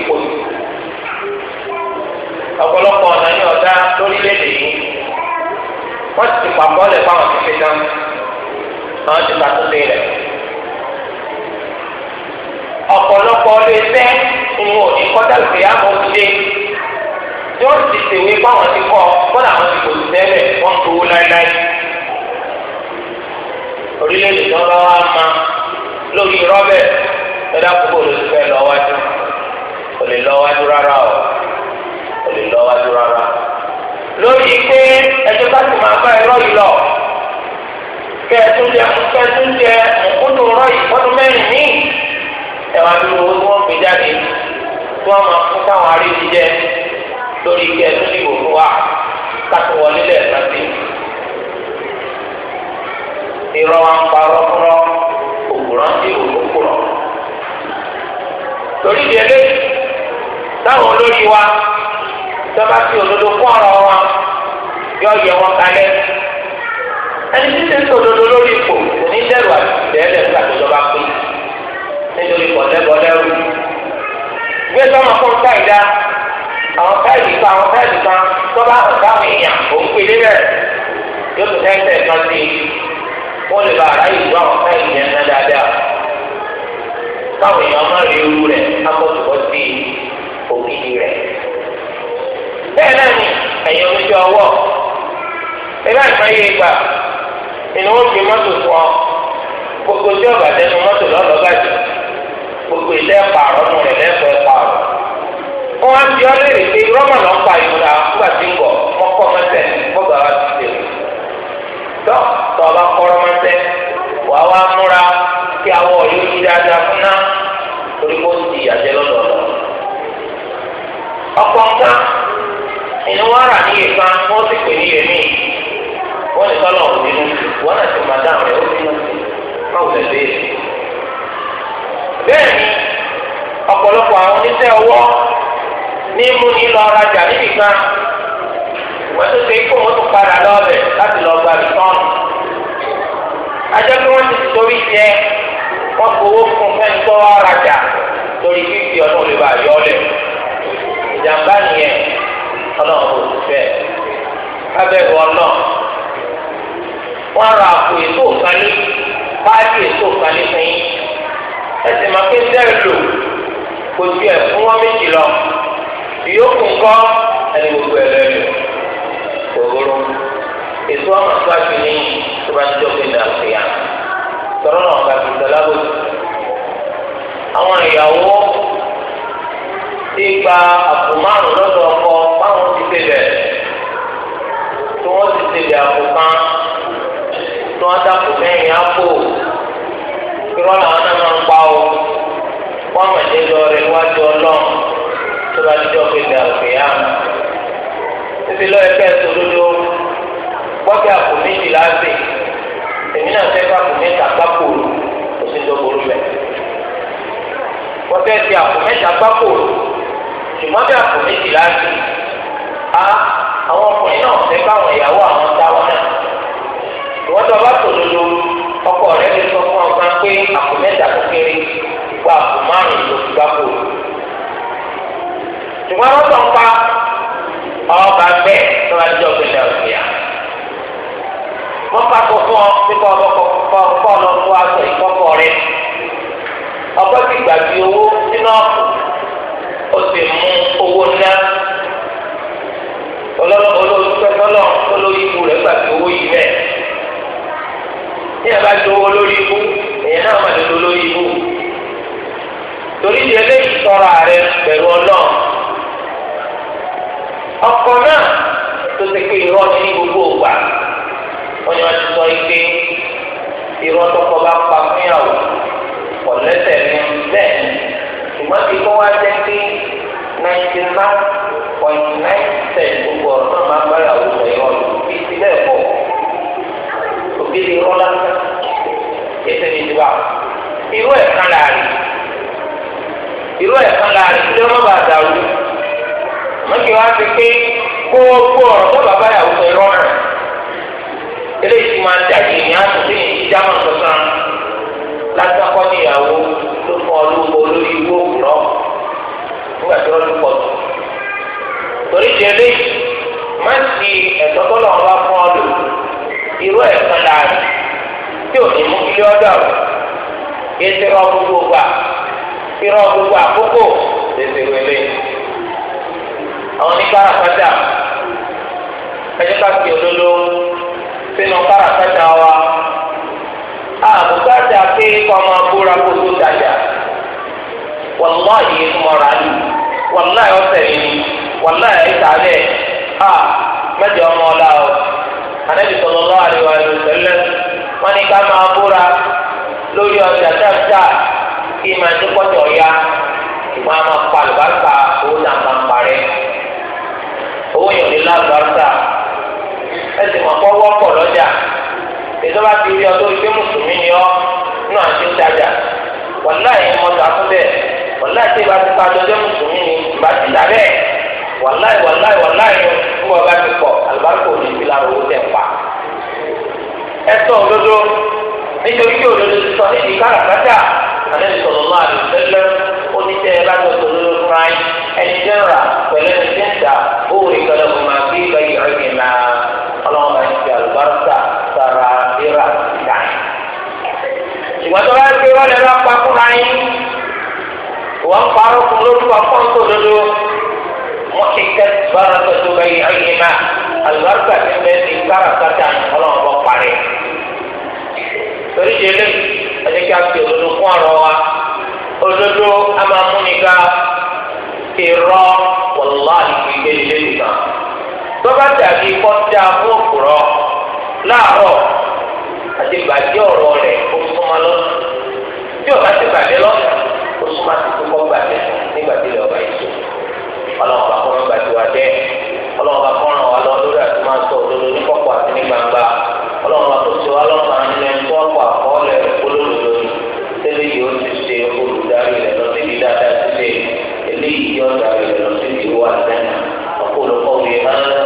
ọ̀pọ̀lọpọ̀ ọ̀nà ní ọ̀dá lórílẹ̀‐èdè yìí wọ́n ti lẹ̀ fáwọn ti ọ̀pọ̀lọpọ̀ ọdún ẹgbẹ́ ìwọ̀n ìkọ́jà ìgbéyà mọ̀ ṣe tí wọ́n ti tèwé báwọn ti kọ́ wọ́n làwọn ti kò tẹ́lẹ̀ wọ́n tó wó láéláé. orílẹ̀-èdè tó ń bá wa ma lórí rọ́bẹ̀ lọ́dà púpọ̀ ló ti fẹ́ lọ́wájú kò lè lọ́wájú rárá o kò lè lọ́wájú rárá. lórí pé ẹjọ́ bá ti máa bá ẹ̀rọ yìí lọ kẹ́ẹ̀tún jẹ kẹ́ẹ̀tún jẹ òkúndùn rọ́ọ̀yì ọdún mẹ́rin míì ẹwà bí owó tí wọ́n gbé jáde tí wọ́n máa fún káwọn arídìí jẹ lórí ike ẹ̀sùn ìbò fún wa káàtó wọlé lẹ́ẹ̀kan sí. irọ́ wa ń parọ́ fúnrọ́ òwúrọ̀ ń dìbò tó kúrọ̀. torí ìdílé táwọn olórí wa sọba tí òdodo kún ọ̀rọ̀ wa yọ yẹ wọn kalẹ̀ ẹni tí ti ń sòdodo lórí ipò kò ní dẹ́rù àti ìdẹ́lẹ̀ pé nítorí kọ̀lẹ́bọ̀lẹ́rù gbé sọ́mọ fún káìdá àwọn káìdì kan àwọn káìdì kan tó bá hàn sáwọn òun pè lé rẹ̀ yóò tún tẹ́tẹ́ kan sí i wọ́n lè ba àrá yìí àwọn káìdì yẹn ná dáadáa káwọn èèyàn má rí irú rẹ̀ akọ́tùkọ́ sí òkìkí rẹ̀ bẹ́ẹ̀ náà ni ẹ̀yìn oníṣẹ́ ọwọ́ ilé àgbáyé ìgbà ìnáwó fi mọ́tò fún ọ gbogbo tí ọ̀gá tẹnu mọ́tò lọ́lọ́ gbogbo ilé ẹ̀pà ọ̀nù rẹ̀ lẹ́sọ̀ ẹ̀pà ọ̀nù. wọ́n á ti ọ́lẹ́ rè pé rọ́mà náà pa ìmúra tí ń bọ̀ kọ́rọ́ mẹ́tẹ̀ wà wá múra kí awọ yóò yí dáadáa fún torí kó ti lọ́dọ̀ ọ̀pọ̀ nǹkan ìní wọn rà ní wọn sì pè ní bẹ́ẹ̀ ni ọ̀pọ̀lọpọ̀ àwọn oníṣẹ́ ọwọ́ ní mú ní lọ rajà níbi kan wọ́n tó ṣe kó wọ́n padà lọ́ọ̀bẹ̀ láti lọ gba bìtọ́n. ajẹ́pẹ́ wọ́n ti torí jẹ wọ́n fowó fún rajà torí fífi ìjàmbá nìyẹn ọlọ́run kò fẹ́ ẹsìn máa pé sẹ́ẹ̀ lò kò ju ẹ̀ fún wọn méjì lọ ìyókù ńkọ́ ẹni gbogbo ẹ̀ lẹ́nu òwúrọ̀ ètò ọmọ tó àti ní tó bá jọ pé nà fìyà tọ́lọ́ náà ká ti sọlá bò àwọn ìyàwó ti gba àpò márùn lọ́dọ̀ ọkọ báwọn ti ṣe bẹ̀rẹ̀ tí wọ́n ti ṣe bẹ̀rẹ̀ àpò kan tí wọ́n dàpọ̀ mẹ́rin àpò irọ́ làwọn náà máa ń pa o wọ́n mọ̀ ní lọ rẹ̀ níwájú ọlọ́run tó bá dídọ́ pé dà òkè yá mi. títí lọ́ọ́ ẹgbẹ́ ìṣòdodo gbọ́dọ̀ àpò méjì láti èmi náà fẹ́ fàpò mẹ́ta gbáko òsì tó burú bẹ́ẹ̀. gbọ́dọ̀ ti àpò mẹ́ta gbáko ṣùgbọ́n bí àpò méjì láti a àwọn ọkùnrin náà fẹ́ báwọn ìyàwó àwọn táwọn náà ìwọ́n tó bá tòdodo ọkọ rẹ̀ lè sọ pé àpò mẹ́ta tó kéré wà àpò márùn-ún ló ti bá kó. ṣùgbọ́n wọ́n tàn pa ọba bẹ́ẹ̀ tó bá jọ pé lẹ́yìn òkèèyà. wọ́n pàtó fún ọ nípa ọlọ́kọ̀ ọlọ́kọ̀ aṣọ ìkọ́kọ̀ rẹ̀. ọgbẹ́ ti gbàgbé owó sínú ọ̀pọ̀ ó sì mú owó ná. olóòtúfẹ́ tọ́lọ̀ olórí ikú rẹ̀ gbàgbé owó yìí bẹ́ẹ̀. ní ẹ̀ bá jọ owó lórí ikú èèyàn náà máa dodo lórí ibú torí di eléyìí tọrọ ààrẹ pẹ̀lú ọlọ́ọ̀ ọkọ náà tó ti pé irọ́ ní gbogbo ògbà wọ́n ní wọ́n ti sọ pé irọ́ tọkọ bá pa fún ìyàwó kọ̀ lẹ́sẹ̀ ní bẹ́ẹ̀ ṣùgbọ́n tí kò wá jẹ́ pé ninety nine point nine percent gbogbo ọ̀rọ̀ náà máa bá ìyàwó sọ irọ́ lò bí ti òbí irọ́ lásán ètò ìyàwó. ti irú ẹ̀ kan láàrin irú ẹ̀ kan láàrin tí wọ́n bá dàrú mọ́kì wá ti pé kó o gbọ́ ọ̀rọ̀ tó bàbá yàwó sọ irọ́ eléyìí máa ń dàgbé ní àtúntò ní ìdí dáhùn sọ́sán lásìkò níyàwó ló fọ́ ọ lóko lórí òwúrọ̀ nígbà tí wọ́n ti pọ̀ tó kan láàrin. tí o ní mú kílé ọ̀dọ̀ ètò ìrọ̀ gbogbo gbà gbogbo àkókò tètè wẹlé àwọn oníkàrà pátá ẹjọ́ ká fi òdodo sínú kàrà wa àbùkátà pé kọ́ máa búra mọ̀ra a mẹ́jọ ọmọ ọ̀la o wọ́n ní ká máa búra lórí ọjà dáadáa kí máa ní kọ́tọ̀ ya ìwọ́n á máa pa àlùbáríkà owó náà máa ń parẹ́ owó yẹn ò ní lágbàrúkà ẹsẹ̀ wọn kọ́ wọ́pọ̀ lọ́jà ìjọba ti rí ọdún ìgbé mùsùlùmí ni ọ́ náà ti ń tajà wàláì ni mo ta fún bẹ́ẹ̀ wàláì tí ìbá ti pàjọ jẹ́ mùsùlùmí ni ìbá ti ta bẹ́ẹ̀ wàláì wàláì wàláì ni mo bá ti pọ̀ àlùbáríkà ò ní fi lára owó tẹ̀ pa ẹ̀tọ́ òdodo nítorí pé òdodo ti sọ níbi káràkátà àlẹ́ sọ̀rọ̀ máa lò tẹ́lẹ̀ oníṣẹ́ ẹ̀lájọ́ òdodo fúnra ẹni jẹ́nra pẹ̀lú ẹni jẹ́ńtà owó ìkọlẹ̀ kò máa fi ìgbàyè ọ̀gbìn náà ọlọ́run máa ń fi àlùbáràtà sára rírà ìdá. ìwọ́n tó bá ń gbé wọ́n lẹ́nu apá fúnra wọ́n parọ́ fún lórúkọ fọ́ńtò òdodo. ضحكت بركة بيعهما البركة التي بركة الله وقعه toríje lé ẹdíkà fi òdodo fún ọ̀rọ̀ wa òdodo amamúniga irọ́ wàlúwàlú ìgbélé lẹ́yìnbá bàbá dàbí kọjá fún òkúrọ láàárọ̀ àti bàjẹ́ ọ̀rọ̀ rẹ̀ ó súnmọ́ lọ bí ọba ti bàjẹ́ lọ ó súnmọ́ àti kókó bàjẹ́ nígbà tí ìlọba yìí tó ọlọ́run bá kọ́ràn wa lọ lórí àti máa sọ òdodo ní kọ̀kọ̀ àti ní gbangba ọlọ́run bá tó ṣe wa lọ́rùn àti ẹni tó ọkọ̀ àkọọ́lẹ̀ olódodo tẹ́lẹ̀ yìí ó ti ṣe olùdarí rẹ̀ lọ síbi dáadáa sílẹ̀ eléyìí yóò darí rẹ̀ lọ síbi ìwà àtẹnà ọ̀pọ̀lọpọ̀ wíwá ńlá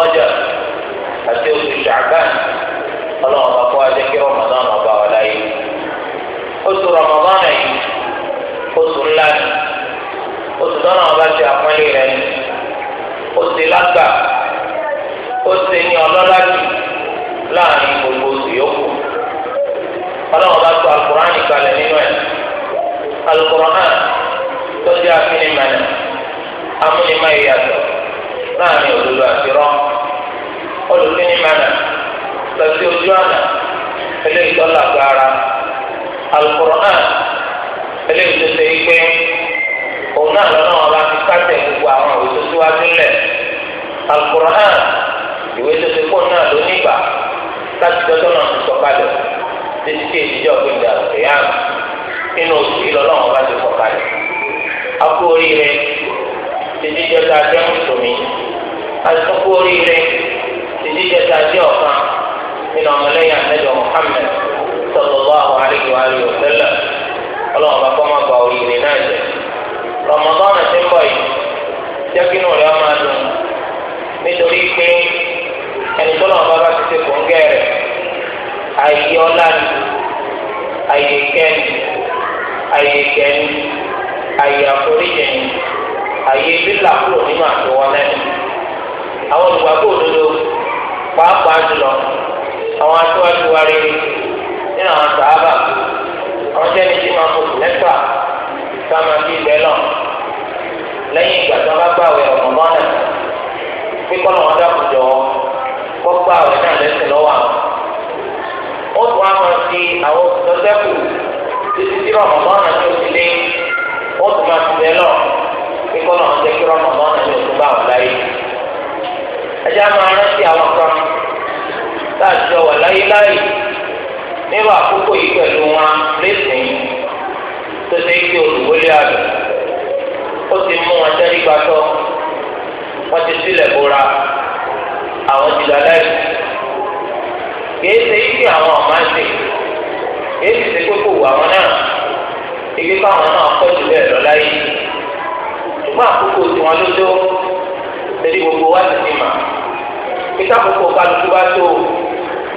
rọ́jà àti oṣù ṣàgbán ọlọ́run bá kọ́ ajẹ́ kí rọmọdán ọba wà láyé oṣù rọmọdán yìí oṣù ńlá ni oṣù tọ́nà ọba ti àpọ́nlé rẹ̀ ni oṣù lágbà oṣù ní ọlọ́lá jù láàrin gbogbo oṣù yòókù ọlọ́run bá tó alukur'an kalẹ̀ nínú ẹ̀ alukur'an tó jẹ́ àfihàn ìmọ̀nà amúnimá ìyàtọ̀ láàrin òdodo àti rọ́ọ̀ olùsíní mẹ́nà lọ sí ojú àná eléyìí tó lágbára alukur'an eléyìí tó ṣe pé òun náà lọ́nà wọn bá fi kásẹ̀ gbogbo àwọn òwe tó síwájú lẹ̀ alukur'an ìwé tó ṣe fóun náà ló nígbà láti dọ́tọ́ náà ti sọ kalẹ̀ títí tí ìdíjọ́ gbèdé àlùkìyàn nínú oṣù yìí lọ́nà wọn bá ti sọ kalẹ̀ akú oríire títí jẹ́ ká jẹ́ mùsùlùmí àti oríire ìdíjẹta sí ọ̀kan nínú ọmọlẹ́yìn àtẹ́jọ Muhammad sallallahu alaihi wa alihi wa sallam ọlọ́run bá kọ́ máa gba òyìnbó náà jẹ Ramadan ti ń bọ̀ yìí jẹ́ kí inú rẹ̀ ọmọ adùn nítorí pé ẹni tó lọ́wọ́ bá bá ti ṣe kò ń gẹ̀rẹ̀ àyè ọlá ni àyè kẹ́ni àyè kẹ́ni àyè àforíjì ni àyè lílà kúrò nínú àtọwọ́ àwọn olùgbàgbọ́ òdodo. pàápàá jùlọ àwọn aṣáájú wa rí nínú àwọn sàábà àwọn jẹ́ni tí máa kó lẹ́tà ká máa fi ilẹ̀ lọ lẹ́yìn ìgbà tó bá gbàwé ọ̀nà mọ́nà pé wọn dàpọ̀ jọ gbàwé náà lẹ́sìn lọ́wọ́ àwọn. ó tún máa fi àwọn títí tí ọ̀nà mọ́nà tó ti lé ó tún máa fi ilẹ̀ lọ pé wọn jẹ́ kí ọ̀nà mọ́nà tún láyé. ẹjẹ máa rántí àwọn kan láti ọwọ́ láyéláyé nírú àkókò yìí pẹ̀lú wọn lẹ́sìn tó ṣe é pé olùwọlé àlù ó ti mú wọn jẹ́ nígbà tó wọ́n ti sílẹ̀ bóra àwọn ti lọ́lẹ́ kìí ṣe é pé àwọn ọ̀ma ń ṣe kìí sì ṣe pé kò wù àwọn náà ibi káwọn náà kọ́ jù bẹ́ẹ̀ lọ́lá yìí ṣùgbọ́n àkókò tiwọn ló tó torí gbogbo wa ti ti mà kíkà gbogbo kálukú bá tó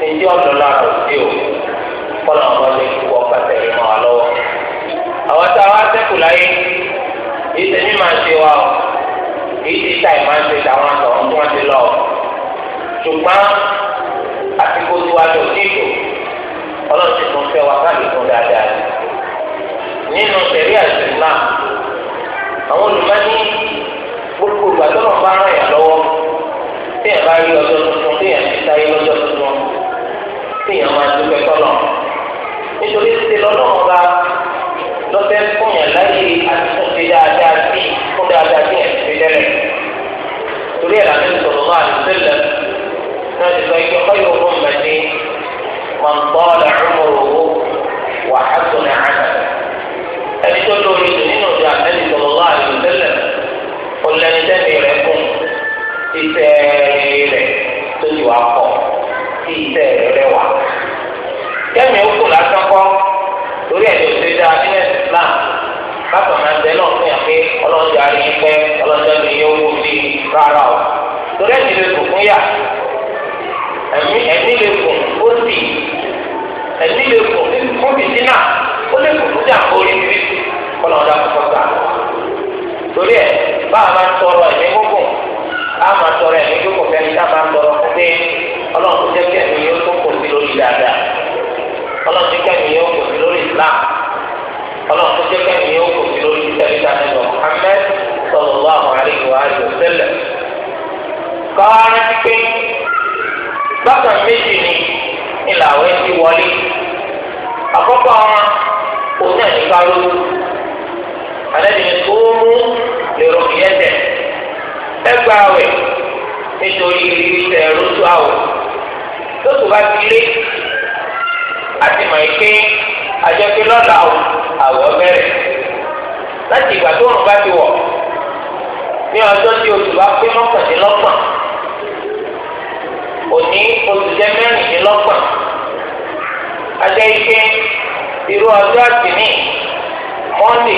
ẹjẹ ọ̀dọ̀ náà kò sí o kọ́nà ọmọ ní kíkọ́ pàtẹ ìmọ̀ wa lọ́wọ́ àwọn tá a wá sẹ́kù láyé èyí tẹ̀mí máa ṣe wa o èyí ti ta ìmáa ṣe tàwọn àtọ̀hún tí wọ́n ti lọ ṣùgbọ́n àsìkò tí wàá lò sí ìtò ọlọ́run ti tún fẹ́ wa káàdì tún dáadáa nínú sẹ̀rí àṣìlá àwọn olùmọ́ni gbogbo ìgbà tó lọ́ọ́ bá ràn yàn lọ́wọ́ téèyàn bá rí ọjọ́ tuntun téèyàn ti sáyé lọ́jọ́ tuntun téèyàn máa dúpẹ́ tọ́lọ̀ nítorí ti lọ́nà ọba lọ́fẹ́ fún yàn láyé àtúnṣe dáadáa sí fún dáadáa sí yàn ti tẹ́lẹ̀ torí ẹ̀ làbẹ́ sọ̀rọ̀ máa ti tẹ́lẹ̀ náà ti sọ ike ọ̀yọ́ fún mẹ́ni máa ń gbọ́ ọ̀la iṣẹ́ rẹ̀ rẹwà kẹ́mi ó kù lásán kọ́ torí ẹ̀ na ṣe dá nínú Islam bákan máa tẹ náà fún yàn pé ọlọ́dẹ arí pẹ́ ọlọ́dẹ mi yóò wú sí rárá o torí ẹ̀mí lè kún fún yà lè kún ó sì lè kún fún ó lè kún fún tọrọ a tọrọ fẹ́ẹ́ ní tọrọ fún ọlọ́run tó jẹ́ kí ẹ̀mí yóò tó kò sí lórí dáadáa ọlọ́run tó jẹ́ kí ẹ̀mí yóò kò sí lórí islam ọlọ́run jẹ́ kí yóò kò sí lórí sẹ́lẹ̀dá nínú Muhammad sallallahu alaihi wa alihi wa sallam. kọ́ra pé bákan méjì ni ìlàwé ti wọlé àkọ́kọ́ wọn kò ní ẹ̀ka lóru àlẹ́bìnrin tó mú lèrò ìyẹ́tẹ̀ ẹgbàá nítorí ìrírí tẹ̀ àwọ̀ tó tó bá ti lé àti mọ̀ ike àjẹpẹ́ lọ́la o àwọ̀ bẹ̀rẹ̀ láti ìgbà tó rùn bá ti wọ̀ ní ọjọ́ tí oṣù bá pé mọ́kàndínlọ́gbọ̀n òní oṣù jẹ́ mẹ́rìndínlọ́gbọ̀n ajẹ́ ike irú ọjọ́ àtìní mọ́ndé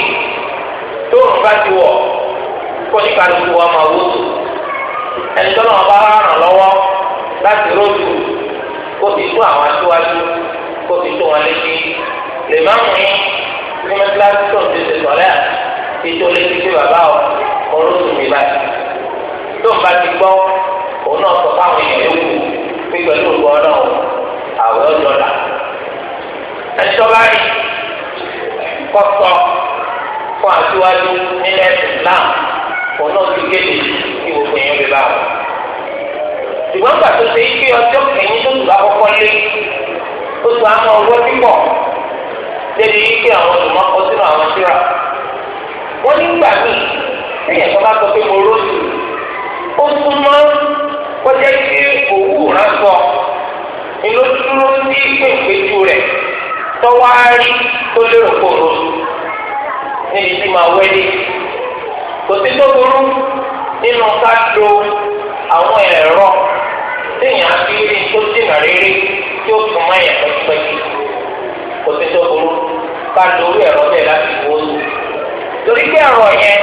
tó rùn bá ti wọ̀ kó ní kálukú wa máa wó ẹni tó náà bá rà lọ́wọ́ láti rótù kó fi tó àwọn aṣíwájú kó fi tó wọn létí lè má mú yín ní mẹ́tíláṣí tó ń tètè sọ̀rẹ́ à fi tó létí pé bàbá ọ olóṣù mi báyìí tó ń bá ti gbọ́ òun náà sọ fáwọn èèyàn yòókù pé pẹ̀lú ògbọ́ náà àwẹ̀ ọjọ́ là ẹjọ́ báyìí kọ́sọ́ fún aṣíwájú nílẹ̀ Islam òun náà ti kéde kí gbogbo èèyàn lè bá wọn. ṣùgbọ́n gbà tó ṣe ike ọjọ́ kẹ́yìn tó tù lákọ́kọ́ lé ó tún ọwọ́ ike àwọn tó máa kọ́ sínú àwọn síra wọ́n nígbà míì lẹ́yìn tó bá sọ pé mo rótù ó tún mọ́ kọjá sí òwú ránṣọ inú dúró sí pèpéjú rẹ̀ tọ́wárí tó lérò níbi tí kò sí tó téèyàn fi rí tó dènà rere tí ó tún máa yàn pẹ́kipẹ́kí kò sí tó burú ká lórí ẹ̀rọ bẹ́ẹ̀ láti wó lù lórí pé ẹ̀rọ yẹn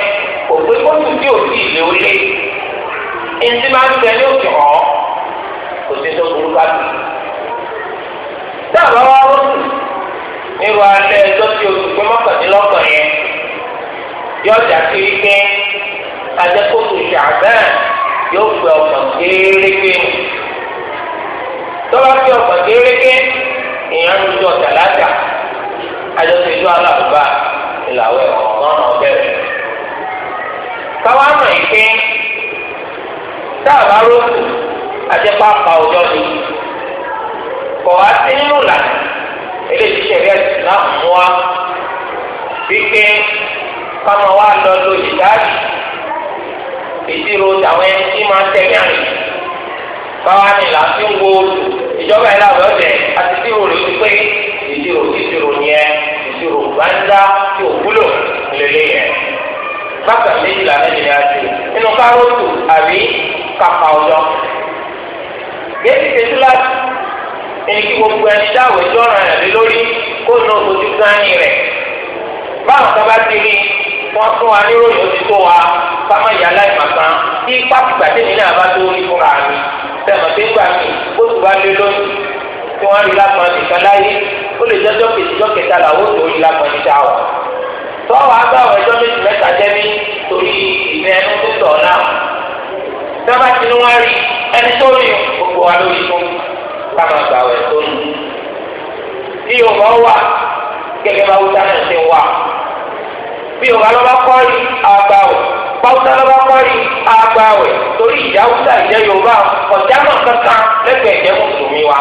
kò pé kó tún tí ò sí ìlé ó lé ẹni máa ń bẹ ní òkè hàn kò sí tó burú ká bì dábàá wa ó sì nírú alẹ́ ẹjọ́ tí o gbé mọ́kàndínlọ́gbọ̀n yẹn yóò jà sí wípé adékòkò ṣàgbẹ́ yóò gbé ọkàn kéréké. tọ́lá bí ọ̀sán kéréké èèyàn ń lójú ọ̀sán lájà àjọṣe ìlú aláàbá ìlàwẹ̀ ọ̀nà ọ̀bẹ̀rẹ̀. káwá ike táàbà rókù àjẹpá pa ọjọ́ mi kọ̀ wá sí nínú mú wa wípé káwọn wá lọ lóyè dáàbì báwa ni là ń fi ń wo oṣù ìjọba yìí làwọn ọ̀dẹ̀ àti tí o rè é pé ìṣirò ìṣirò yẹn ìṣirò gbáńdá tí ò wúlò lélẹ̀ yẹn. bákan méjì là nínú yà sí nínú kárọ̀tù àbí kàkà ọjọ́. gbèsè tètú láti ẹni kí gbogbo ẹni dáwọ̀ ẹjọ́ ọ̀ràn rẹ̀ lé lórí kó nà oṣù sani rẹ̀. báwọn sábà ti rí wọn fún wa níròyìn oṣù tó wa ká má láì màkàn kí pápá ìgbà sẹ́mọ̀ pé gbà mí ó tù bá lé lóyún tí wọ́n rí lápọn nìkan láyé ó lè jọ́jọ́ kejì jọ́ kẹta làwọn ò tó rí lápọn níta ọ̀ tọ́wọ́ àgbà àwọn ẹjọ́ méjì mẹ́ta jẹ́ mí torí ìrìn ẹnu tó tọ̀ náà sábà tí wọ́n rí ẹni tó rí gbogbo wa lórí fún káma gbà wẹ̀ tó nù bí yorùbá wà gẹ́gẹ́ bá wúta náà ṣe wà bí yorùbá lọ́ bá kọ́ rí báwùsálábà parí agbáwẹ̀ torí ìyá haúsá ìjẹ́ yorùbá ọ̀já náà kankan lẹ́gbẹ̀ẹ́ ìjẹ́ mùsùlùmí wa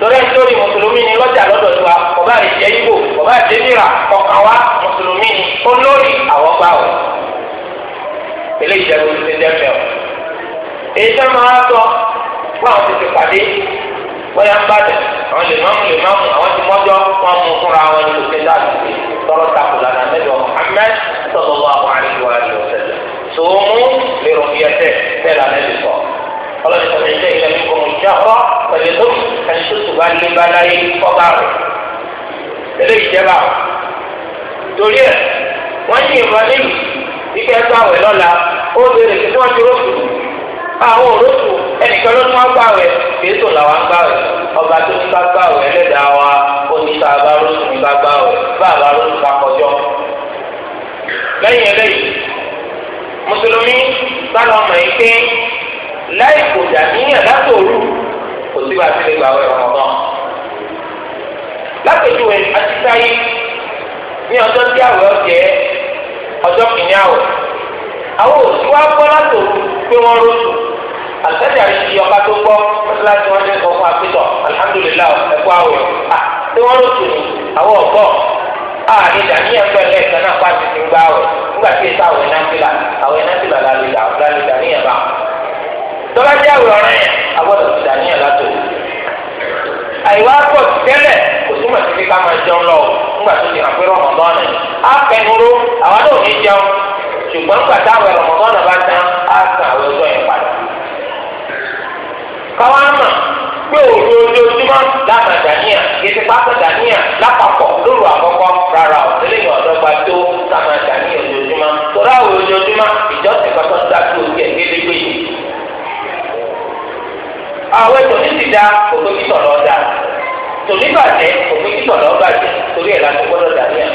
torí ẹni lórí mùsùlùmí ni lọ́jà lọ́dọ̀ tó wa ọba ìjẹ́ ibo ọba ìjẹ́ mìíràn ọ̀kan wa mùsùlùmí ni ó lórí àwọn gbáwẹ̀ eléyìí jẹ́ lórí ti jẹ́ fẹ́ o èyí sẹ́ máa sọ fún àwọn tètè pàdé wọ́n yà ń bàjẹ́ àwọn lè máàmù lè máàmù àwọn ti mọ́jọ́ wọn mú fúnra wọn ní kò tẹ́lá àti tọrọ takò lànà mẹ́jọ Muhammad sallallahu alaihi wa alihi wa sallam sòmù lè rò fi ẹsẹ̀ bẹ́ẹ̀ lànà lè sọ. ọlọ́dún sọ̀rọ̀ ẹ̀jẹ̀ ìlẹ̀ mi kò mú ìjà ọ̀rọ̀ pẹ̀lú tó ẹni tó tù bá lé bá láyé ọba rẹ̀. tẹ́lẹ̀ ìjẹba torí ẹ̀ wọ́n yìnbọn nílùú ìgbẹ́ gbàwẹ̀ lọ́la ó béèrè kí wọ́n ti rọ́ọ̀tù àwọn òrótù ẹnìkan ló tún wá gbà wẹ̀ kéésù làwọn gbà wẹ̀ ọba tó ní bá gbà wẹ̀ ẹlẹ́dàá wa oníta abárósù ní bá gbà wẹ̀ bá abárósù bá kọjọ́. lẹ́yìn eléyìí mùsùlùmí sálọ yìí pé láì kò látòrú kò sí bá tilẹ̀ gbà wẹ̀ látòjúwe ní ọjọ́ àwọn òsì wa gbọ́ látò pé wọ́n rọ́ọ̀tù àtẹ́jà yìí ọba tó gbọ́ láti wọ́n dé ọkọ̀ àpéjọ alihamudulilayi ẹ̀kọ́ àwẹ̀ à pé wọ́n ni àwọn ọ̀gbọ́ à ní dàníyàn pẹ̀lẹ́ náà pàṣẹ ti gbá àwẹ̀ nígbà tí èso àwẹ̀ nàfìlà àwẹ̀ nàfìlà lálẹ́ dàníyàn bá tọ́lá jẹ́ àwẹ̀ ọ̀rẹ́ yẹn ti látò àyíwá pọ̀ tẹ́lẹ̀ kò túmọ̀ sí ká máa jẹun lọ nígbà tó ṣùgbọ́n gbàtà àwẹ̀ Ramadan bá tán á san àwẹ̀ ọjọ́ yẹn padà. káwá mà pé òdo ojoojúmọ́ láàmà dàníyà yẹtí pápá dàníyà lápapọ̀ lóru àkọ́kọ́ rárá tó ojoojúmọ́ ojoojúmọ́ ti da lọ lọ bàjẹ́ torí ẹ̀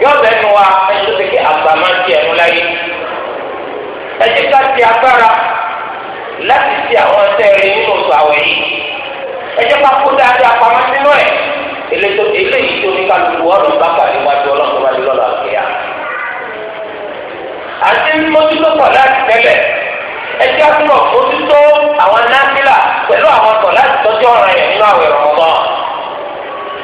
yóò bẹ́ẹ̀ wa ma tó ti ti ẹnu láyé ẹni ká ti agbára láti ti àwọn ẹsẹ̀ rẹ̀ nínú oṣù àwẹ̀ yìí ẹjẹ́ ká kó dáadáa pamọ́ sínú ẹ̀ eléyìí tó ní kálukú wájú àti mójútó àwọn àwọn láti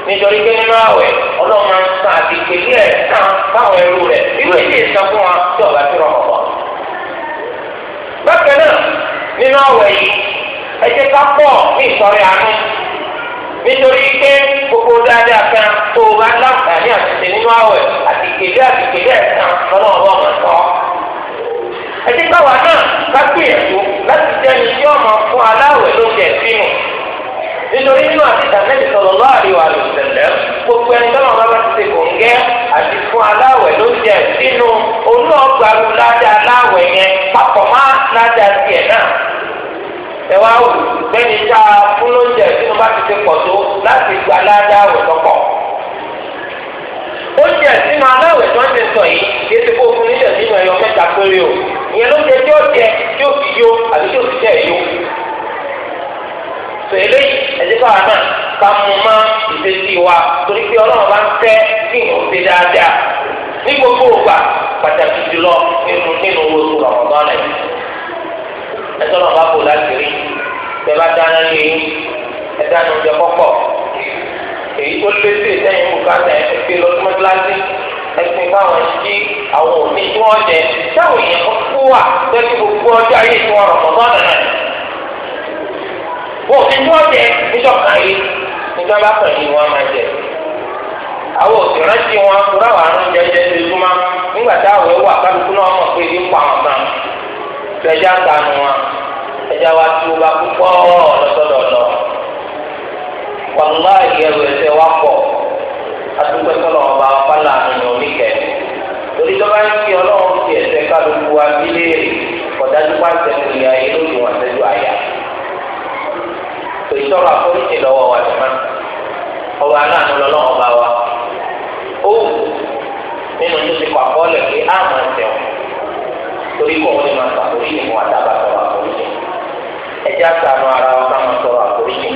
nítorí pé nínú àwẹ̀ ọlọ́run máa ń san àdìgbè díẹ̀ kan fáwọn ẹrú rẹ̀ irú èyí ìsan fún wa tí ọ̀gá tí wọ́n kọ̀ bákan náà nínú àwẹ̀ yìí ẹ jẹ́ ká pọ̀ ní ìsọ̀rí àánú nítorí pé gbogbo dáadáa kan tó o bá láǹfààní àtẹ̀tẹ̀ nínú àwẹ̀ àdìgbèdé àdìgbèdé ẹ̀sán lọ́nà ọ̀rọ̀ ọ̀mọ̀ sọ. ẹ jẹ́ káwa náà bá gbìyànjú láti jẹ́ nítorí nínú àtìkà nẹ́bí sọ̀rọ̀ lọ́wọ́ àríwá ló ṣẹlẹ̀ gbogbo ẹni tọ́lọ̀ máa bá ti ṣe kòǹgẹ́ àti fún aláwẹ̀ ló jẹ sínú olú ọgbà ládà aláwẹ̀ yẹn papọ̀ má ládà tiẹ̀ náà. ẹ wá wù bẹ́ẹ̀ni tá a fún lóúnjẹ sínú bá ti ṣe pọ̀ tó láti gba ládà àwẹ̀ lọ́pọ̀. oúnjẹ sínú aláwẹ̀ tó ń ṣe sọ yìí kì í ṣe kó fún níjẹ̀ sínú ẹ̀yọ mẹ́ta péré o ìyẹn ló jẹ tí ó jẹ tó eléyìí ẹ̀jẹ̀ bá wà náà ká mú má ìfésì wa torí pé ọlọ́run bá ń tẹ́ kí n ò ṣe dáadáa ní gbogbo ògbà pàtàkì jùlọ nínú nínú owó oṣù rọ̀mọ̀dán rẹ̀ ẹ̀tọ́ náà bá bò láti rí bẹ́ẹ̀ bá dáná lé yín ẹ̀dá nu jẹ kọ́kọ́ èyí tó lé sí ìsẹ́yìn bùkátà ẹ̀ fi lọ́dún kíláàsì ẹ̀sìn fáwọn sí àwọn òní tí wọ́n jẹ táwọn èèyàn kó wà lẹ́sìn gbogbo ọjọ́ ayé tí wọ́n rọ̀mọ̀dán rẹ̀ òfin tí wọ́n jẹ níjọba yìí níjọba kan yìí wọ́n máa jẹ àwọn òṣèré tí wọn kúrò àwọn àrùn jẹjẹ lójúmọ́ nígbà tá àwọn ewu náà mọ̀ pé àwọn kan kanu wọn wa tí o bá púpọ̀ lọ́sọ̀dọ̀lọ́ wàlúwà ìyẹ̀wò ẹsẹ̀ wa pọ̀ adúgbò sọ̀rọ̀ ọba oníkẹ́ torí tó bá ń fi ọlọ́run ti kálukú pàṣẹ kò í tọrọ àforíjì lọ́wọ́ wa jùmọ ọba aláàánú lọ́lọ́run bá wa ó nínú tó ti kọ àkọọ́lẹ̀ pé á máa tẹun torí kọ wọn ni máa sàforíjì fún wa dábàá tọrọ àforíjì ẹjẹ àtàánú ara wa ká máa tọrọ àforíjì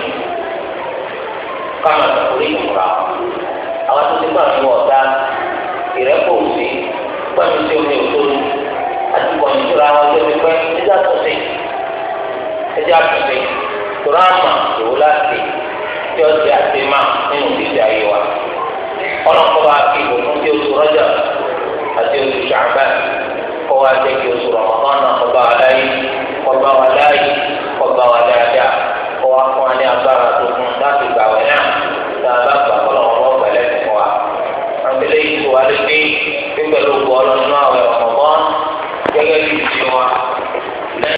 ká máa sàforíjì fún wa àwọn tó ti máa fún ọ̀dà ìrẹ́pọ̀ òsì pẹ̀lú tí omi òtólù àti kọ̀ọ̀nù tó wọn tó ti pẹ́ ẹjẹ àtúnṣe ẹjẹ àtúnṣe tọ́lá àmà ìwò láti tí ó ti àti má nínú ìdíje ayé wa ọlọ́kọ́ba kí ìbòmú tí oṣù rọ́jà àti oṣù ṣàbẹ́ kọ́ wa jẹ́ kí oṣù rọ̀mọ́tán náà kọ́ bá wa láyé kọ́ bá wa láyé kọ́ bá wa dáadáa kọ́ wa fún wa ní agbára tó fún láti gbà wẹ̀ náà tá a bá gbà kọ́ lọ́wọ́ lọ́wọ́ fún wa àbílẹ̀ yìí tó wa lé ní pípẹ́ ló gbọ́ ọlọ́run náà wẹ̀